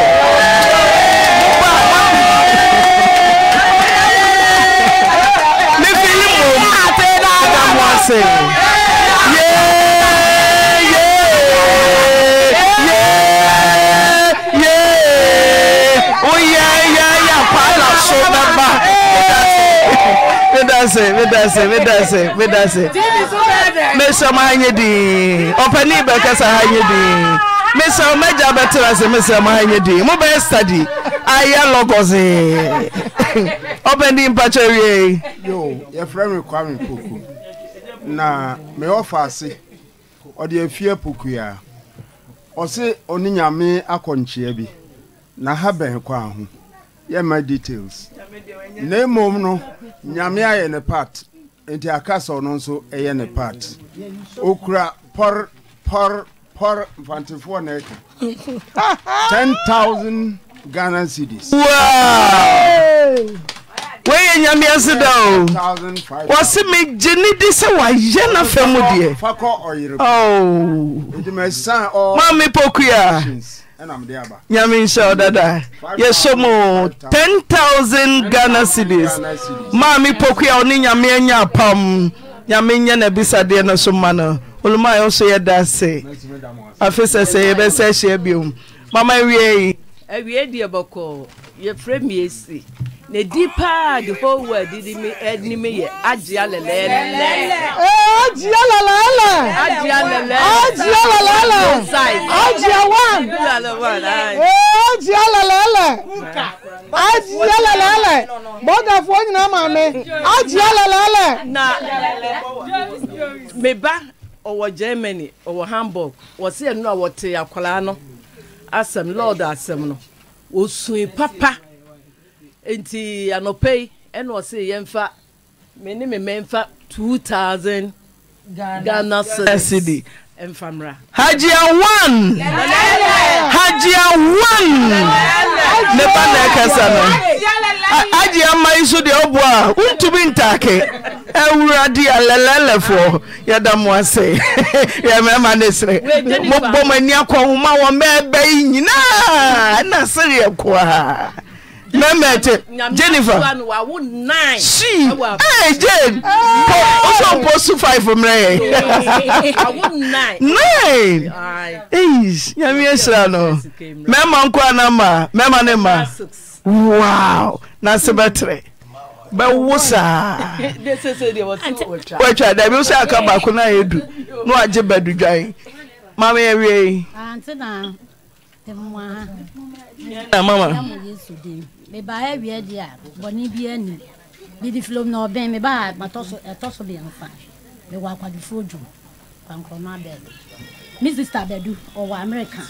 blessing. Yeah, yeah, yeah, yeah. Oh yeah, yeah, yeah. Pile up, show number. Medase, medase, medase, medase. Mesha ma anye di. Openi beka sa anye di. Mesha omeja betira se mesha ma anye di. Mo be study. Aya logozi. Openi mpacho ye. Yo, your friend requirement koko. na meɔfa ase ɔde afie pokua ɔse ɔne nyame akɔnkyea bi na ha bɛn kwan ho yɛma details na mmom no nyame ayɛ ne part nti aka sɛ ɔno nso ɛyɛ ne part ɔkura pɔr pɔr pɔr mfantefoɔ na ɛka thousand. ghana cities wow! wɔyɛ nyame ase da o wɔse megye ne di sɛ wayɛ no fa mu deɛ oh. ma mepɔ kui a nyame nhyɛ wo dada yɛhyɛ mu thousand ghana cities ma mepɔ kui a wo ne nyame anya apam nyame nyɛ na bisadeɛ no so ma no olùmọ̀ àyọ̀ sọ yẹ da ase afisẹsẹ yẹ bẹ sẹ ẹ ṣe ẹ bi o mama ewie yi. ewie di ẹ bọkọ yẹ fẹ mi esi ne di paa the whole world di mi ɛni mi yɛ ajia lɛlɛɛlɛ. ee eh, ajia lɛlɛɛlɛ. ajia lɛlɛɛlɛ. ajia lɛlɛɛlɛ. one size. ajia one. ajia one. ee eh, ajia lɛlɛɛlɛ. ajia lɛlɛɛlɛ. bɔgafo nyinaa maa mi ajia lɛlɛɛlɛ. na mi ba ɔwɔ germany ɔwɔ hamburg wɔsi ɛnu a wɔte akwaraa no asɛm lɔɔdo asɛm no osun papa nti anɔpɛ yi ɛna ɔsi yɛnfa me ne me mɛ two thousand ghana cedi mfamra. hajia one hajia one ne ba na ɛkasa no hajia mma yi so deɛ ɔbɔ a ntumi ntaake awurade alɛlɛlɛfoɔ yɛda mo ase yɛmɛma ne serɛ mobɔ m'ani akɔ ahoma wɔ mɛɛbɛ nyinaa ɛna sereɛ koaa mẹ́mẹ́tẹ̀ jennifer she ẹ̀ jane ó sọ pọ̀ sí five mìíràn yẹn nine eys yàmi ẹ̀sìrà nọ mẹ́mà nkọ́ àná mà mẹ́mà ni mà wow na sẹ́bẹ̀tẹ̀rẹ̀ bẹ́ẹ̀ wó sáà wọ́ọ̀twa dàbí ó sẹ́ àká baako náà yẹ du ní wàá jẹ́ bẹ́ẹ̀ dùdwa yìí maame yẹ wíyẹ yìí. na mama meba awie e deɛ a bɔne bi ani e bidi filom na ɔbɛn meba a ɛtɔ so mmiɛnfa mewɔ akwadefoɔ dwom kwankrɔno abɛɛdo me sista bɛdu ɔwɔ amerika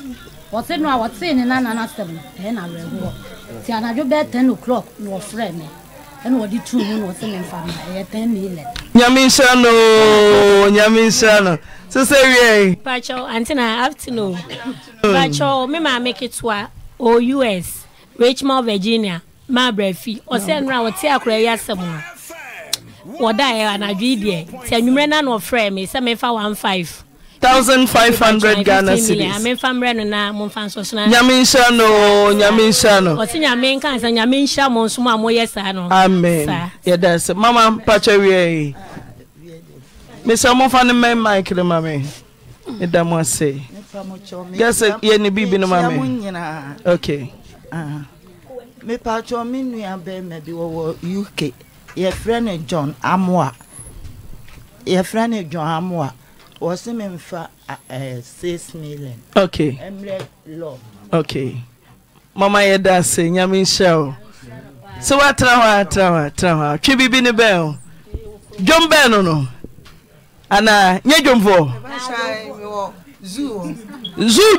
wɔte no a wɔtee ne nana no asɛm no e ɛyɛ na awerɛhoɔ nti anadwo bɛɛ 10 o'clock na wɔfrɛ me ɛna wɔde tu mu na wɔse me mfa ma ɛyɛ 10 ne 11 nyame nhyira no nyame nhyira no sesɛ wiei pakyɛw afternoon. na afternoon pakyɛw me maame ketewa ɔ us richmond virginia mabrɛfi ɔsɛ nnora wɔte akora yi asɛm no wɔda ɛ anadwo yi deɛ nti anwummerɛ no na ɔfrɛ me sɛ memfa 15 1500 Ghana cities. Memfa mmerɛ no na momfa nso so na. Nyame nhyira no, nyame nhyira no. Ɔte nyame nka nsa nyame nhyira mo nso a moyɛ saa no. Amen. Yɛda sɛ mama mpakyɛ wie. Mesɛ momfa ne mmɛn mic ne ma me. Meda mo ase. Gɛ sɛ yɛ ne biribi no ma me. Ah. Okay. Uh-huh. mepatwɔ me nua bɛrima bi wɔwɔ uk yɛfrɛ no john amoa yɛfrɛ no john amoa wɔsi mi nfa six million. okay lɔ. okay mama yɛ da ase nyame nhyɛ o sɛ woatena hɔ atena hɔ atena hɔ twe biribi ne bɛn o dwom bɛn no no anaa nyɛ dwomfoɔ zoo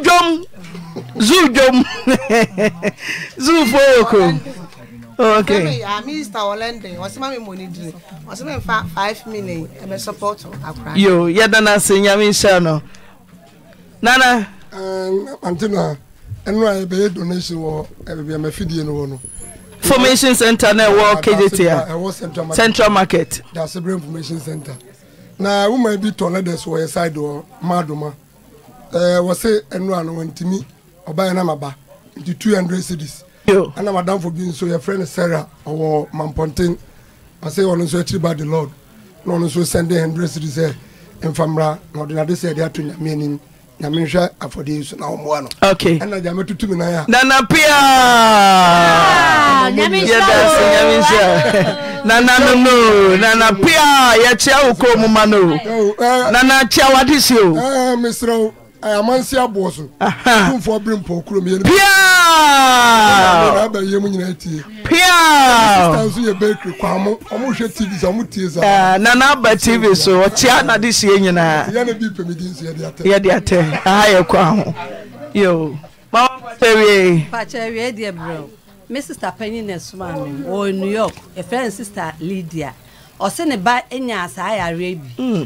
dwom zoo dwom zoo folk okay. Mr. Uh, Olende, wọ́n sì máa mi mọ̀ ní dìrì, wọ́n sì máa fa five million ẹ bẹ support akura. Yo, yẹ dana se nyame eh, nhyɛ no. Nana. Àǹtí na ẹnu a yẹ bẹ yẹ donation wọ ẹbẹbi ẹmẹ fidie ni wọ no. Information center náà ẹwọ KJT a Central Market. Dasebere Information Center. Na woman bi tọ̀ lẹ́dẹ̀ẹ́sì wọ̀ yẹ side wọ maduma? ɛɛ eh, wɔsi ɛnu ano wɔn ɔbaa yɛn nama nti two hundred cedis ɛna madamfo bi nso yɛfrɛ no sarah ɔwɔ mampɔnten ɔsɛ ɔno nso akyiri ba the lord na ɔno nso sɛnde hundred cedis sɛ mfamra na ɔde nade sɛ ɛde ato nyame anim nyame nhwɛ afɔdeɛ so na ɔmmoa no ɛna gyame tutu mi nan nana pia yɛdase nyame nhyia nana no nana pia yɛkyea wo kɔ mu ma no eh. nana kyea wade sie o eh, amansi aboɔ so kumfo biri mpɔ kuro mu yɛn piaaw ɛna yɛn mu nyinaa tie piaaw ɛna nso yɛ bakery kwamo ɔmo hwɛ tv so ɔmo tie sa eh, na n'aba tv so ɔkyea na de sie nyinaa yɛn na bi pɛmi di nso yɛ de atɛ yɛ de atɛ aha yɛ kɔ aho yoo ma wɔn sista na mi new york sista lydia ba asa bi hmm.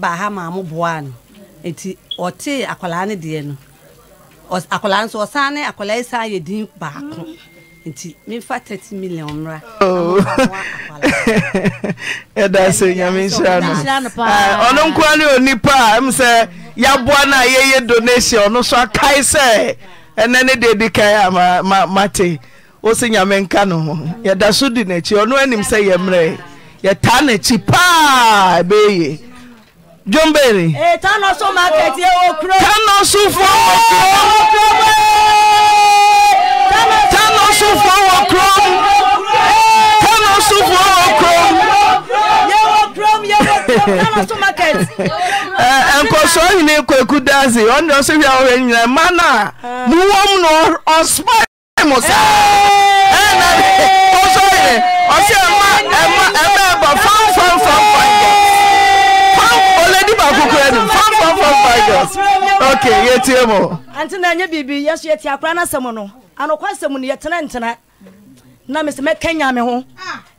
ba ha nti ɔte akwadaa ne deɛ no akwadaa nso ɔsan ne akwadaa yi san yɛ din baako nti mefa thirty million mra. Oh. ɛda sɛ nyame nhyira no ɔno nkoa ne onipa a m sɛ yɛaboa no a yɛyɛ donation ɔno so akae sɛ ɛnɛ ne deɛ di kae a mate ɔsɛ nyame nka no ho yɛda so di n'akyi ɔno anim sɛ yɛmmerɛ yɛtaa n'akyi paa ɛbɛyɛ jombere. ìtànà sún mákẹ́tì okuro. tànà sún fún okuro. tànà sún fún okuro. tànà sún fún okuro. nkɔsɔ yìí ni kweku dazi ɔni ɔsɛ fi awɔ ɛnyina mana mu wɔm na ɔspa ɛmu sa ɛna kɔsɔ yìí ɔsɛ ɛma ɛma ɛma ɛbɔ fanfanfanfan akoko anim fam fam fam figures okay yɛtie mu ante na nyɛ biribi yɛ so yɛte akora no asɛm no anokwa asɛm no yɛtena ntena na mesɛ mɛkanya me ho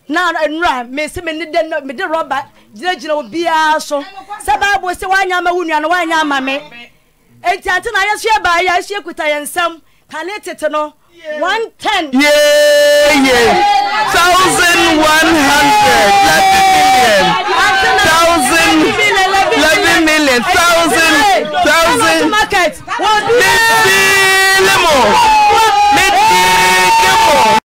na nnura eh, mesi mi de mi de rɔba gyinagyina obiara so sɛ baabu sɛ wanya ama wo nua no wanya ama me eti ate na yɛso yɛ baa yɛ aso ekuta yɛn nsam kane tete no one ten. Yeah yeah. thousand one hundred thousand eleven million thousand thousand mẹ́tí lẹ́mọ̀ mẹ́tí lẹ́mọ̀.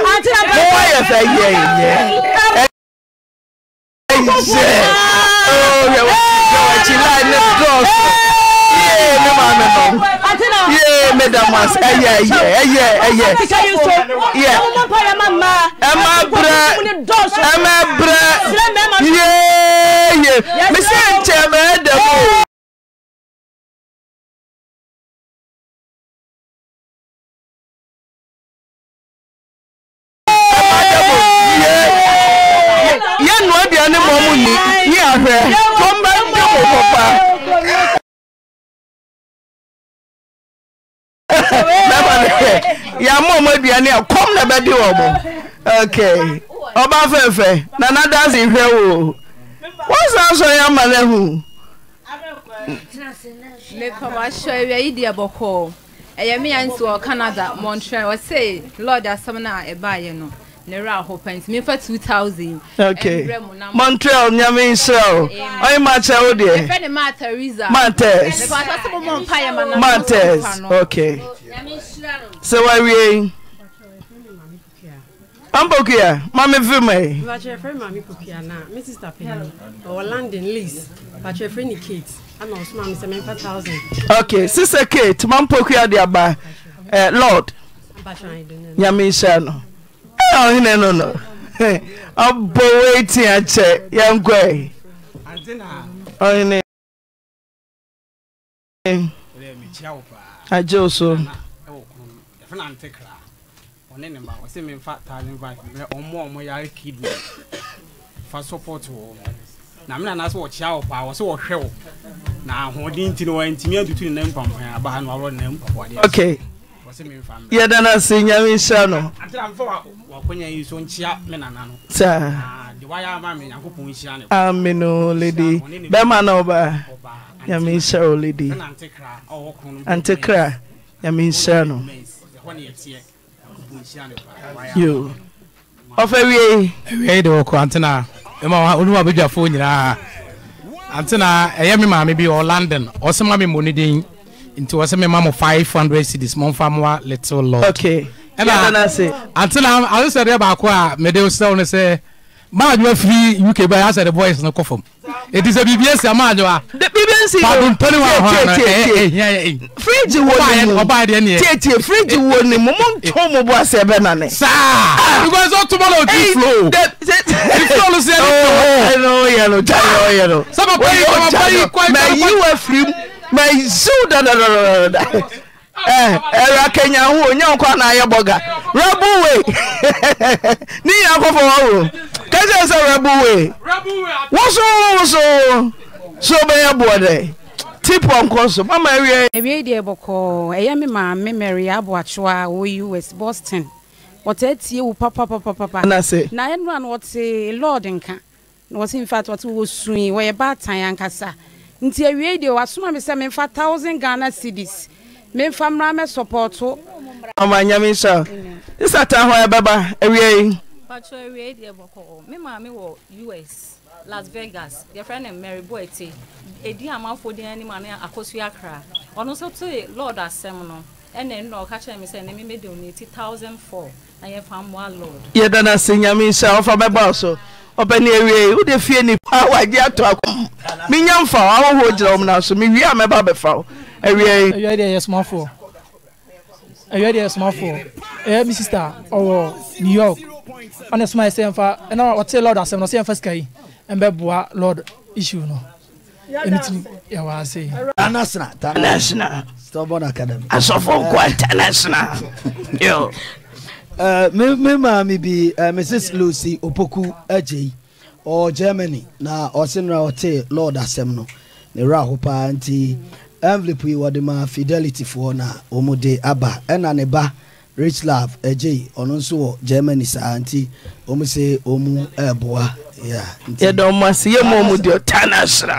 mo wáyà fẹ́ yẹ ìyẹn ẹ ṣe ó yẹ Oh, ti jọ ẹ̀chí láì ní dọ́ọ̀sì ne maame nom yee madam as ɛyɛ ɛyɛ ɛyɛ ɛyɛ yɛ ɛma brɛ ɛma brɛ yee yɛ mesɛ nkyɛn mɛ ɛdɛm o. yẹnu ọdẹ ẹni mọ ọmọ ni yẹ ahwẹ tó ń bẹ ń dẹwọ pọpá. yɛama ɔma aduane a kɔm na bɛde wɔ mɔ ɔba fɛfɛ na nadanse hwɛ woo wosan sɔ yɛ ama no ya mepamahyɛ awia yi deɛ bɔkɔɔ ɛyɛ meya nti wɔ canada montreal wɔse lord asɛm no a ɛbaeɛ naira ahọ pẹnti mi fẹ two thousand. ok montreal nyame nsirawo ọyẹ maa kyẹ o deɛ. efe ne maa teresa. maa tẹs. nípa àti ọsẹ mọmọ mpa yẹ ma e. e. e. na. maa tẹs ok. sẹ wá wíyẹ. ampokuya maame fi ma yi. bàtúrẹ̀ fẹ́ maame pokuya náà mi london lease bàtúrẹ̀ fẹ́ kate ana ọ̀sùn maame sẹ́mi mpa thousand. ok sisa kate mampokuya di aba eh, lord nyame nhyia no ɔhene no no ɔbɔ woati akyɛ yɛnkɔe ɔhene agye wo so ɔne ne ba ɔsɛ memfa thousand five mmerɛ a ɔmo yare kidney fa support wɔ na me sɛ wɔkyea wo paa wɔsɛ wɔhwɛ wo na ahoɔden nti no wɔantumi atutu ne nam pampaa abaa no wɔwɔ ne nam papadeɛ yɛda no ase nyame nhyira no ame no oh, lady bɛma na ɔbaa nyame nhyira o oh, lady ante kra nyame nhyira no yo ɔfɛ wie awiei de wɔkɔ antena ɛma onum abadwafoɔ nyinaa antena ɛyɛ me maame bi ɔ london ɔsɛma me mmɔ ne din nti wɔ sɛ mema mo 500 cities momfa moa little lord okay. ɛna antena asesɛ deɛ baako a mede sɛ wo no sɛ maadwuma firi uk ba asɛ de boys no kɔ fam ɛti sɛ biribia si amaadwoa padompani wahɔanɛhia yɛɔbaɛ deɛ neɛtie frigi wo ne mu montɔ mo bo asɛ ɛbɛnane saa because ɔtoma na ɔti flow flow no sɛ ne sɛ bɛpayi kwayi kwayi kwayi maizu dadadadada ɛrɛ akanya ho onya nkɔ anaayɛ bɔga rabu we ne nyina kɔfɔ hɔ o kɛsɛ sɛ rabu we wosowoso so bɛyɛ boɔ dɛ tipɔ nkɔ so mama awie awie deɛ bɔkɔɔ ɛyɛ me maame mary aboakyewa a wɔ us boston wɔta atie wo papa na ɛnora na wɔte e lord nka na wɔse mfa wɔte wɔsui wɔyɛ baatan ankasa nti awie deɛ wasoma me sɛ memfa thousand ghana cities memfa mmra mɛ sɔpɔɔto ɔma nyame nhyɛ isa ta ho ɛbɛba awie yi patro awie deɛ bɔkɔɔ me maame wɔ us las vegas yɛfrɛ no mary boete ɛdi amanfoɔ din anim ane akɔsu akra ɔno nso tee lord asɛm no ɛna ɛnu na ɔka kyerɛ me sɛ ɛnɛ mi mɛ de oneti thousand four na yɛfa mmoa lord yɛda no ase nyame nhyɛ ɔfa bɛba so ɔbɛni ewie wode fie nipa wagye ato akɔ menya mfa wo ahohoro gyina wɔm na so mewie a mɛba bɛfa wo awie awie deɛ yɛ somafoɔ awie deɛ yɛ somafoɔ ɛyɛ me sister ɔwɔ new york ɔne soma yɛ sɛ mfa ɛna ɔte lord asɛm no sɛ yɛmfa sika yi ɛmbɛboa lord issue no ɛnitimi yɛwɔ ase yi international international stubborn academy asɔfo nkɔ international yo Eh, me maame bi eh, mrs lucy opoku agyei ɔ germany na ɔse nnera ɔte lord asɛm no ne werɛ ho paa nti envelope yi wɔde ma fidelity foɔ na wɔmu de aba ɛna ne ba rich love agyei ɔno nso wɔ germany saa nti wɔmu sɛ wɔmu ɛɛboa yɛdɔmase yɛma ɔmu deɛ ɔta no asra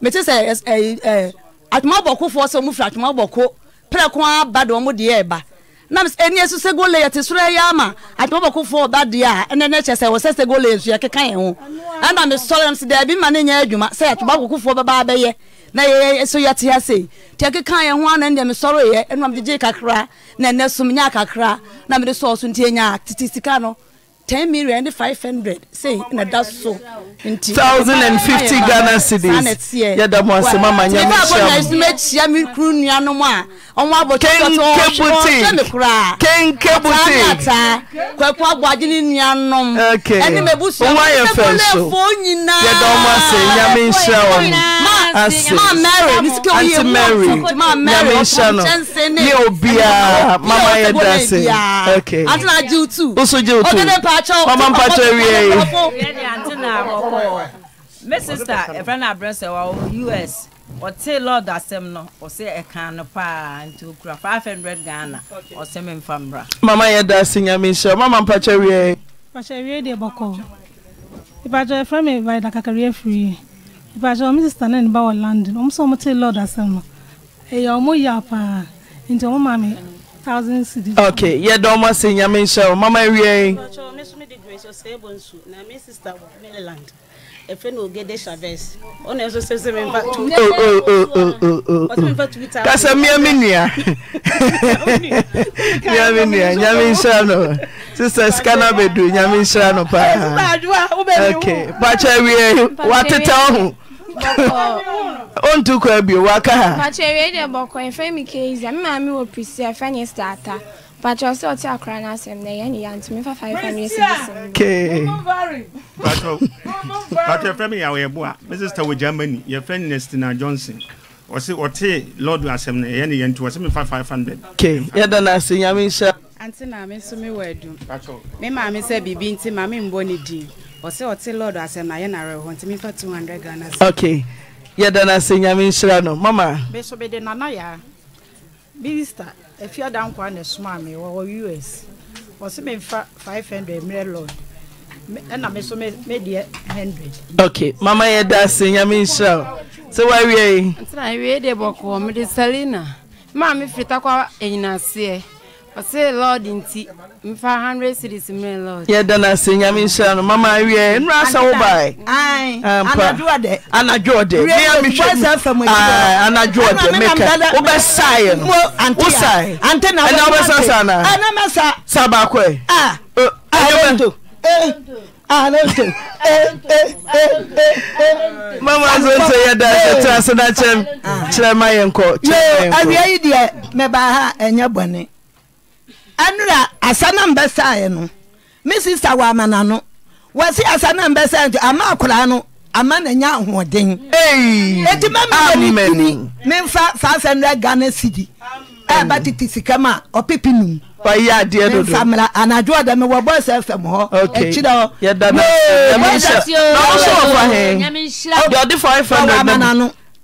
mete sɛ atwomabɔkofoɔ sɛ mufiri atwomabɔko prɛko aba de ɔmo deɛ ɛba nam ɛni ɛso sɛ gole yɛte soro ɛyɛ ama atwomabɔkofoɔ ɔba deɛ a ɛnɛ ne kyɛ sɛ wɔ sɛ sɛ gole nso yɛkeka yɛn ho ɛna mesɔre m sɛ daabi ma ne nyɛ adwuma sɛ atwomabɔkofoɔ bɛba bɛyɛ na yɛyɛ so yɛte ha sei te ɛkeka yɛn ho ana ndeɛ mesɔre yɛ ɛnam gyegye kakra na ɛnɛ som nyɛ kakra na mede sɔɔ so nti ɛnya tete sika no ten million ne five hundred Say, na da so nti. thousand and fifty ghana cedis yada mu ase mama nya mi hyia mu. tiba abo na esu mi kuru nua mu a ɔmo abɔ tuntun ɔhyɛ ɔhyɛ mi kura. kenke buti ata kwako abo agye ne nua nom. okay ɛni ma ebu sua mo ɛni bɔ lɛ fo nyinaa. yada ɔmo ase nya mi hyia wɔn ase ma mary nisike wo ye mu ɔtun ma mary ɔtun kyɛnse ne. ne obiara mama yɛ da se okay. ati na jiw tu. o so jiw tu. ɔgɛdɛ pa mpakyɛ wie me sister ɛfrɛ no abrɛsɛ wɔ us ɔte lord asɛm no ɔsɛ ɛka no paa nti ɔkura 500 ghana ɔsɛ me mfa mmra mama yɛda ase nyame nhyɛ mama mpakyɛ wie mpakyɛ wie deɛ bɔkɔ mpakyɛ ɛfrɛ me vida kakaria firi mpakyɛ ɔme sister no ne ba wɔ london ɔm sɛ ɔmte lord asɛm no ɛyɛ ɔmo yɛ paa nti ɔmo ma me thousand cedis. ok yɛ dɔn ma se nyame nhyɛ o mama ewie. ɔtɔ ne so mi di grace ɔsɛ ɛbɔ nsu na mi sista wɔ maryland efe na ogede chavez ɔna ɛso sɛ sɛ mi nfa tu. o o o o o o kasa mi nua mia mi nua nyame nhyɛ no sista sika na bɛ du nyame nhyɛ no paa ok pakyɛ ewie watete ɔho ɔntu kɔ abio waka ha pakyɛ wei deɛ bɔkɔ ɛfɛ mi keizia me maame wɔ prisi ɛfɛ ne stata pakyɛ sɛ ɔte akora no asɛm na ɛyɛ ne yɛntumi fa five hundred cedis pakyɛ frɛ me yɛwɔ yɛboa me sister wɔ germany yɛfrɛ ne nestina johnson ɔse ɔte lord asɛm no ɛyɛ ne yɛntu ɔse mefa five hundred yɛda no ase nyame nhyɛ ante na me nso mewɔ adum me maame sɛ biribi nti ma membɔ ne din ɔsɛ ɔte lord asɛm na yɛ na hɔ nti mefa 200 ghana ok yɛda na ase nyame nhyira no mama meso mede nana yaa minista afiada nkwa na ɛsomaa me wɔwɔ us ɔse memfa 500 mmerɛ lord ɛna me so 100 ok mama yɛda ase nyame nhyira wo sɛ ntina awie maa ɔse lord nti mfa hundred series mi lord. yɛ dan ase nyame nhyira no mama awie nnura asa wo ba yi. anadwo ɔdɛ. anadwo ɔdɛ ne yà mi hwɛ mu anadwo ɔdɛ meka wo bɛ sa yɛ no wo sa yɛ ɛna wo bɛ sa sa na. ɛna mɛ sa. sa baako yɛ. a ɛyɛ bɛ. Alonso. Mama Alonso yɛ da ɛtɛ ase na kyerɛ ah. kyerɛ ma yɛ nkɔ. Yoo awia yi deɛ mɛ ba ha ɛnyɛ bɔnne. ɛnura asa na mbɛsaaɛ no me sista wɔ amana no wɔsi asa na mbɛsaaɛ nti ama akora no ama na nya ahoɔden eti mɛma si ne tumi memfa five hundred ghana cedi ɛba tete sika ma ɔpepi num ɔyɛ adeɛ dodo mfamra anadwo ɔda mi wɔ bɔs fm hɔ akyirɛ hɔ yɛda na ɔmo sɛ ɔmo sɛ ɔfɔ hɛ yɛde five hundred na mu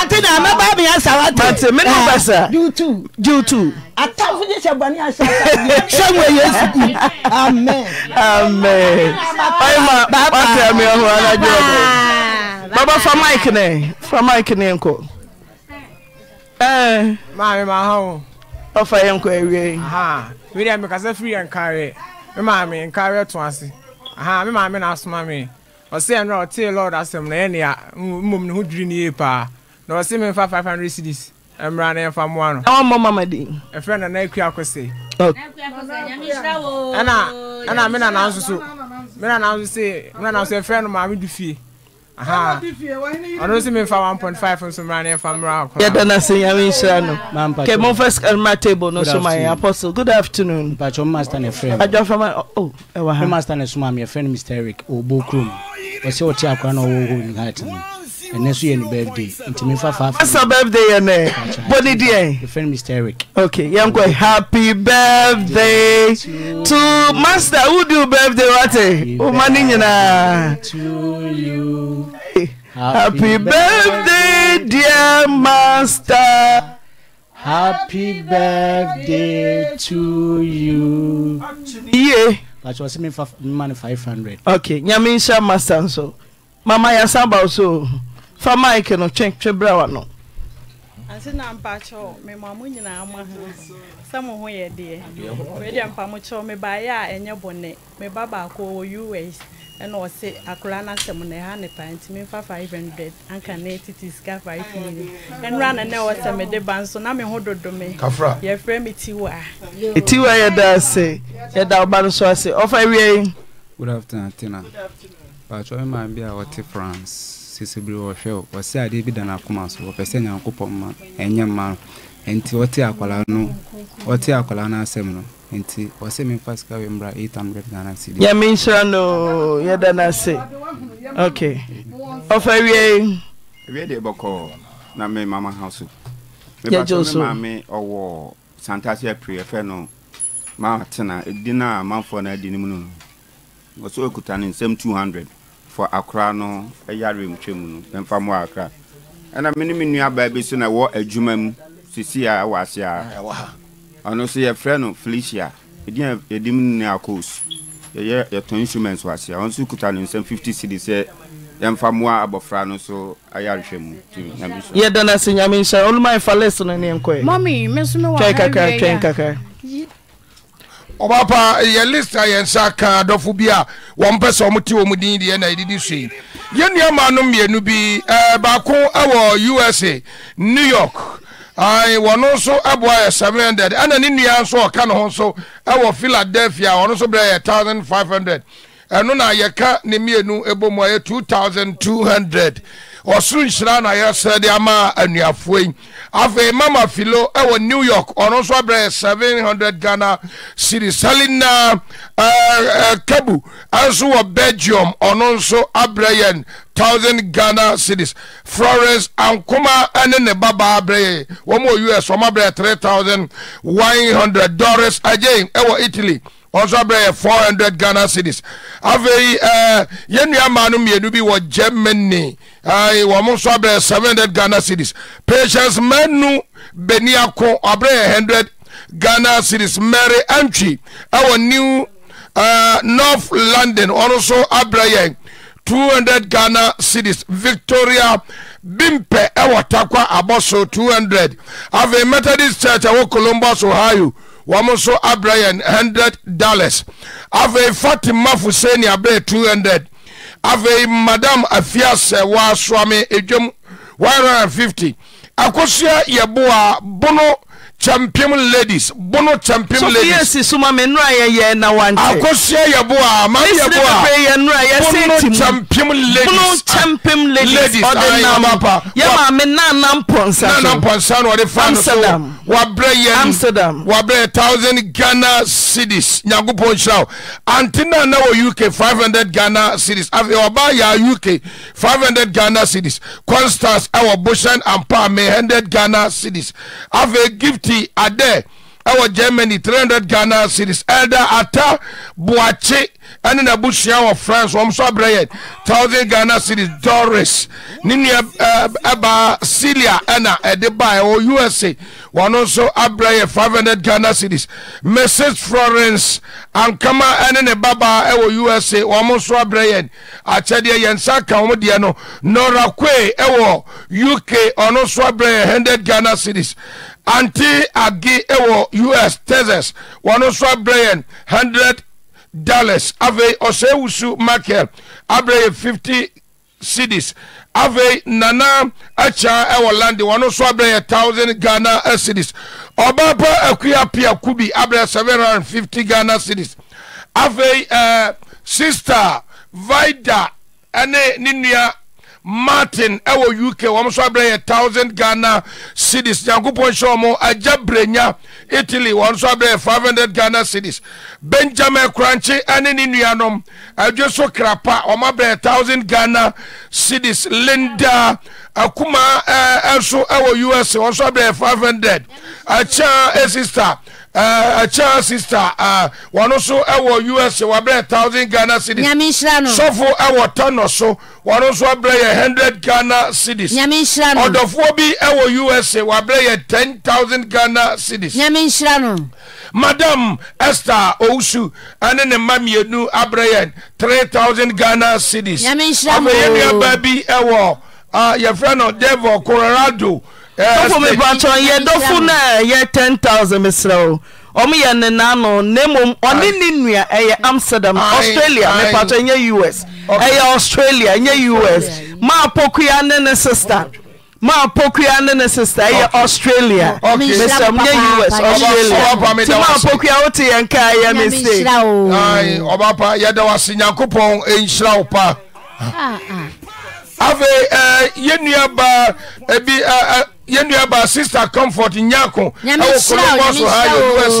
ante na amaba mi asawa te mate eh, me na ah, basa jutu jutu atafu je se bani asawa se we yesu di amen amen ai ma ba ka mi ho ala jodo baba fa mic ne fa mic ne nko eh ma ma ha o ọfa yẹn nkọ ewie. wíwá mi kasa firi yẹn nkaare mi maa mi nkaare tó ase mi maa mi na asoma mi ɔsɛ ɛnura ɔtee lɔɔre asɛm na ɛnea mmom ne ho dwiri ne yie paa na ɔsɛ mi nfa five hundred cedis mmra na yɛfa mmoa no. ɛwɔ mmɔ mama den. ɛfrɛ na na ekua ɛna ɛna mi nana nso so mi nana nso se mi nana nso ɛfrɛ no maame du fie ɔno nso memfa 1.5 nso mmra ne ɛfa mmra akɔ yɛda no ase nyame nhyira no kɛ momfa skarma table no so ma apostle good afternoon mpakyɛ master ne frɛ adwafama o ɛwɔ ha master ne soma me no mr eric ɔbɔ kurom ɔsɛ ɔte akora no ɔwɔ hɔ no ɛnɛ nso yɛ ne birthday nti mi fa fa fa. ɛsɛ birthday yɛ nɛ bɔnni diɛ. the friend mr eric. okay yɛn kɔ happy birthday to master who do birthday wate eh? o ma ne nyinaa. happy oh, birthday dear master. happy birthday to you. iye. pàṣẹ ọsẹ mi fa mi ma ni five hundred. okay nyame n ṣe master nso mama yasan ba o so fa mike no twɛntwɛ berɛ wa no ase na mpakyɛw mema mo nyinaa ma ho sɛ mo ho yɛ deɛ medeɛ mpa mo kyɛw mebaeɛ a ɛnyɛ bɔne meba baako wɔ us ɛna ɔse akora no asɛm na ɛha ne nti memfa 500 anka ne titi sika 5 million ɛnora na nɛ wɔ sɛ mede ba nso na me ho dodo me yɛfrɛ me tiwa tiwa yɛda ase yɛda woba no so ase ɔfa wiei good afternoon tina pakyɛw mmaa bi a wɔte france sese bere wɔhwɛ o wɔsi adeɛ bi da n'akoma so wɔpɛ sɛ nyankopɔn ma ɛnyɛ mma no nti wɔte akwadaa no wɔte akwadaa no asɛm no nti wɔsi mi nfa sika wei mbra eight hundred ghana cedi. nyame nhyira no yɛda n'ase ok ɔfɛ wie. ewie deɛ bɔkɔ na mi mama ha so. yɛgye so mi maame ɔwɔ santase apiri ɛfɛ no maa tena edi na amanfoɔ na adi ne mu no wɔsɔ ekuta ne nsɛm two hundred fɔ akora no yare mu twɛ mu no yɛmfa mmɔ akra ɛna me ne me nuabaa bi so na ɛwɔ adwuma mu sisi a ɛwɔ ase a ah, ɔno nso yɛfrɛ no felicia ɛdin yɛdim ne akos yɛyɛ yɛtɔn instruments wɔ ase a ɔno nso kuta ne nsɛm fifty cd sɛ yɛmfa mmoa abɔfra no so ayarehwɛ mu yɛda no ase nyame nhyɛ ɔloma ɛfa les no ne ɛnkɔɛ mɔmi twɛn kakra twɛn kakra pa, yɛ list a yɛn nsa ka adɔfo bi a wɔn pɛ sɛ wɔn te wɔn din deɛ na yɛdidi so yi yɛn nneɛma no mmienu bi ɛɛ baako ɛwɔ usa new york ayi wɔn nso ɛboa yɛ seven hundred ɛna ne nua nso ɔka ne ho nso ɛwɔ philadelphia wɔn nso brɛ yɛ thousand five hundred ɛno na yɛka ne mmienu ebom ɛyɛ two thousand two hundred ɔsoro nhyira na yɛsrɛ de ama anuafoɔ yi afei mama filo ɛwɔ new york ɔno nso abrɛ 700 ghana series selina kabu ɛnso wɔ belgium ɔno nso abrɛ yɛn thousand ghana cities florence ankoma ne ne babaa brɛ yɛ wɔn wɔ us wɔn abrɛ three thousand one hundred dollars again ɛwɔ italy ɔnso abrɛ yɛ four ghana cities afei ɛɛ yɛn nua maa no mmienu bi wɔ germany wɔn nso abɛɛ seven hundred ghana cities patience mɛnu bɛni ako abɛɛ hundred ghana cities mary antwi ɛwɔ new uh, north london wɔn nso abɛɛ yɛn two hundred ghana cities victoria bimpɛ ɛwɔ takwa abɔso two hundred afei methodist church ɛwɔ columbus ohio wɔn nso abɛɛ yɛn hundred dollars afei fatima fuseni abɛɛ two hundred. afei madam wa swame edwam 150 Akosia Yabua bono champion ladies bono champion so ladies. sofi suma mi ya yɛ yɛ na wante. akosua yɛ bo a maa yɛ bo a bono champion ladies bono champion ah, ladies ɔde nam yɛ maame nana mpɔnsa nana mpɔnsa na ɔde fa no so wabrɛ yɛ amsterdam wabrɛ a thousand ghana cities Nyangu nhyira o na wo uk five hundred ghana cities Have eh, ɔbaa yɛ uk five hundred ghana cities constance eh, our bushan and me eh, hundred ghana cities afei gift. party adɛ ɛwɔ germany 300 ghana series elder ata boakye ɛne n'abusua wɔ france wɔn nso abrɛ yɛ 1000 ghana series doris ne nua ɛbaa celia ɛna ɛde baa ɛwɔ usa wɔn nso abrɛ yɛ 500 ghana series mrs florence ankama ɛne ne Baba, ɛwɔ usa wɔn nso abrɛ yɛ akyɛdeɛ yɛn nsa ka wɔn deɛ no nora kwe ɛwɔ uk ɔno nso abrɛ yɛ 100 ghana series anti agi ɛwɔ us texas wɔn nso abrɛ hundred dollars afei ɔsɛwusu markel abrɛ yɛ fifty cedis afei nana akya ɛwɔ landi wɔn nso abrɛ thousand ghana cedis ɔbaa pa akuya pia kubi abrɛ seven hundred fifty ghana cedis afei ɛɛ eh, sista vida ɛne ne nua martin ɛwɔ uk wɔmnso aberɛ yɛ to0sand ghana cidies nyankopɔn nhyɛ wɔ m agya brenya italy wɔn so abɛɛ 500 ghana cities benjamin Crunchy. ɛne ne I just so krapa wɔn abɛɛ 1000 ghana cities linda akuma also our us wɔn so abɛɛ 500 child, sister. A uh, sister uh, wɔn so ɛwɔ us wɔabrɛ thousand ghana cities sɔfo ɛwɔ tano so one nso abrɛ a hundred ghana cities ɔdɔfoɔ bi ɛwɔ us wɔabrɛ a ten thousand ghana cities madam estar owsu ne ne mamianu abrɛ yɛ 3000 ghana citiesnabaabi w yɛfrɛ no devo coloradofomepa eh, yɛdɔfo n yɛ 10000 meserɛo ɔmyɛ ne na no na mmo ɔne ne nua ɛyɛ amsterdam australia mepat yɛ us ɛyɛ australia yɛ us mapokua ne ne systar mapka n ne sys yɛ australiamka wot yɛkmɛs nyankpɔn nhyiraw pyɛnuaba sister comfort nyakssa s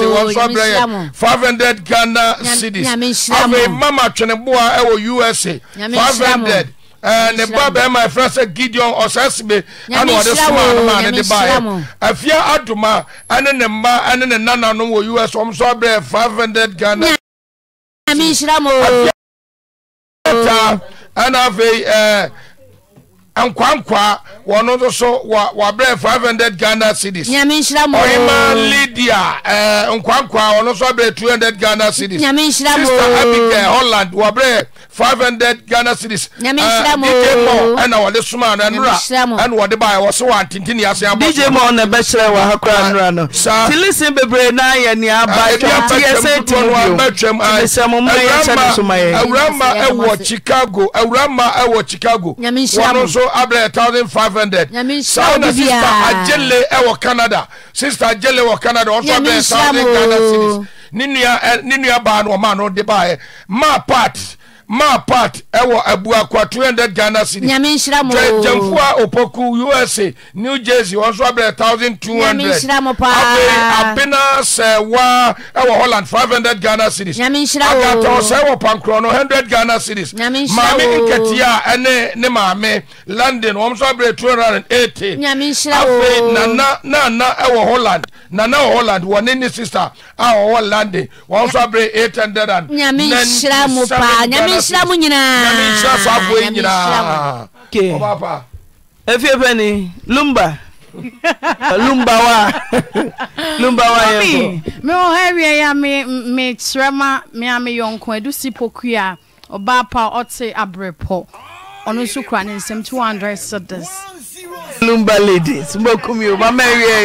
500 gana ciesaf mama tweneboa wɔ usa5000 Eh, ne ba bɛrima ɛfrɛ sɛ gideon ɔsɛsebe ana ɔde soma anoma ne de baɛ afia adoma ɛne ne mma ɛne ne nananom wɔ us ɔm so abrɛ 500 ghana ta ɛna afei ɛɛ eh, nkwankwa wɔn nso so wabrɛ five hundred ghana cities. nyame nhyira mo ɔhima lydia ɛɛ eh, nkwankwa wɔn nso abrɛ two hundred ghana cities. nyame nhyira mo sista abigail holland wabrɛ. 00 gana sereesm nawɔde soma no nra nɔde ba wɔse wantenteneasergowura ma wɔ chicago wɔn nso abɛ500sawnasir ayele wɔ canada sistar agyele wɔ canada ɔ ganaseris ne nua ba naɔmano de baɛ ma part ma part ɛwɔ abuakwa 200 ghaner cyiyamfu a opku usa new jersey ns aberɛ 200f abena sɛ wa wɔ hland 500 gane ceriesagata sɛ ɛwɔ pankrɔnno 100 ghane ceries maame nkati a ɛne ne maame london aber 280fein whland nana wɔ holland wɔne ne syster a wɔwɔ londe ns aber 800 nhyira mu nyinaahyira so afoɔ yi nyinaa ɛfie pɛ ni lumba lumba wa lumba wa yɛ bɔ. mi wɔ ha awie ya mi mi kyerɛ ma mi a mi yɔnko edu si a ɔbaa pa ɔte abiripɔ ɔno nso kura ne nsɛm two hundred cedis. lumba ladies mbɔkumi o mama awie.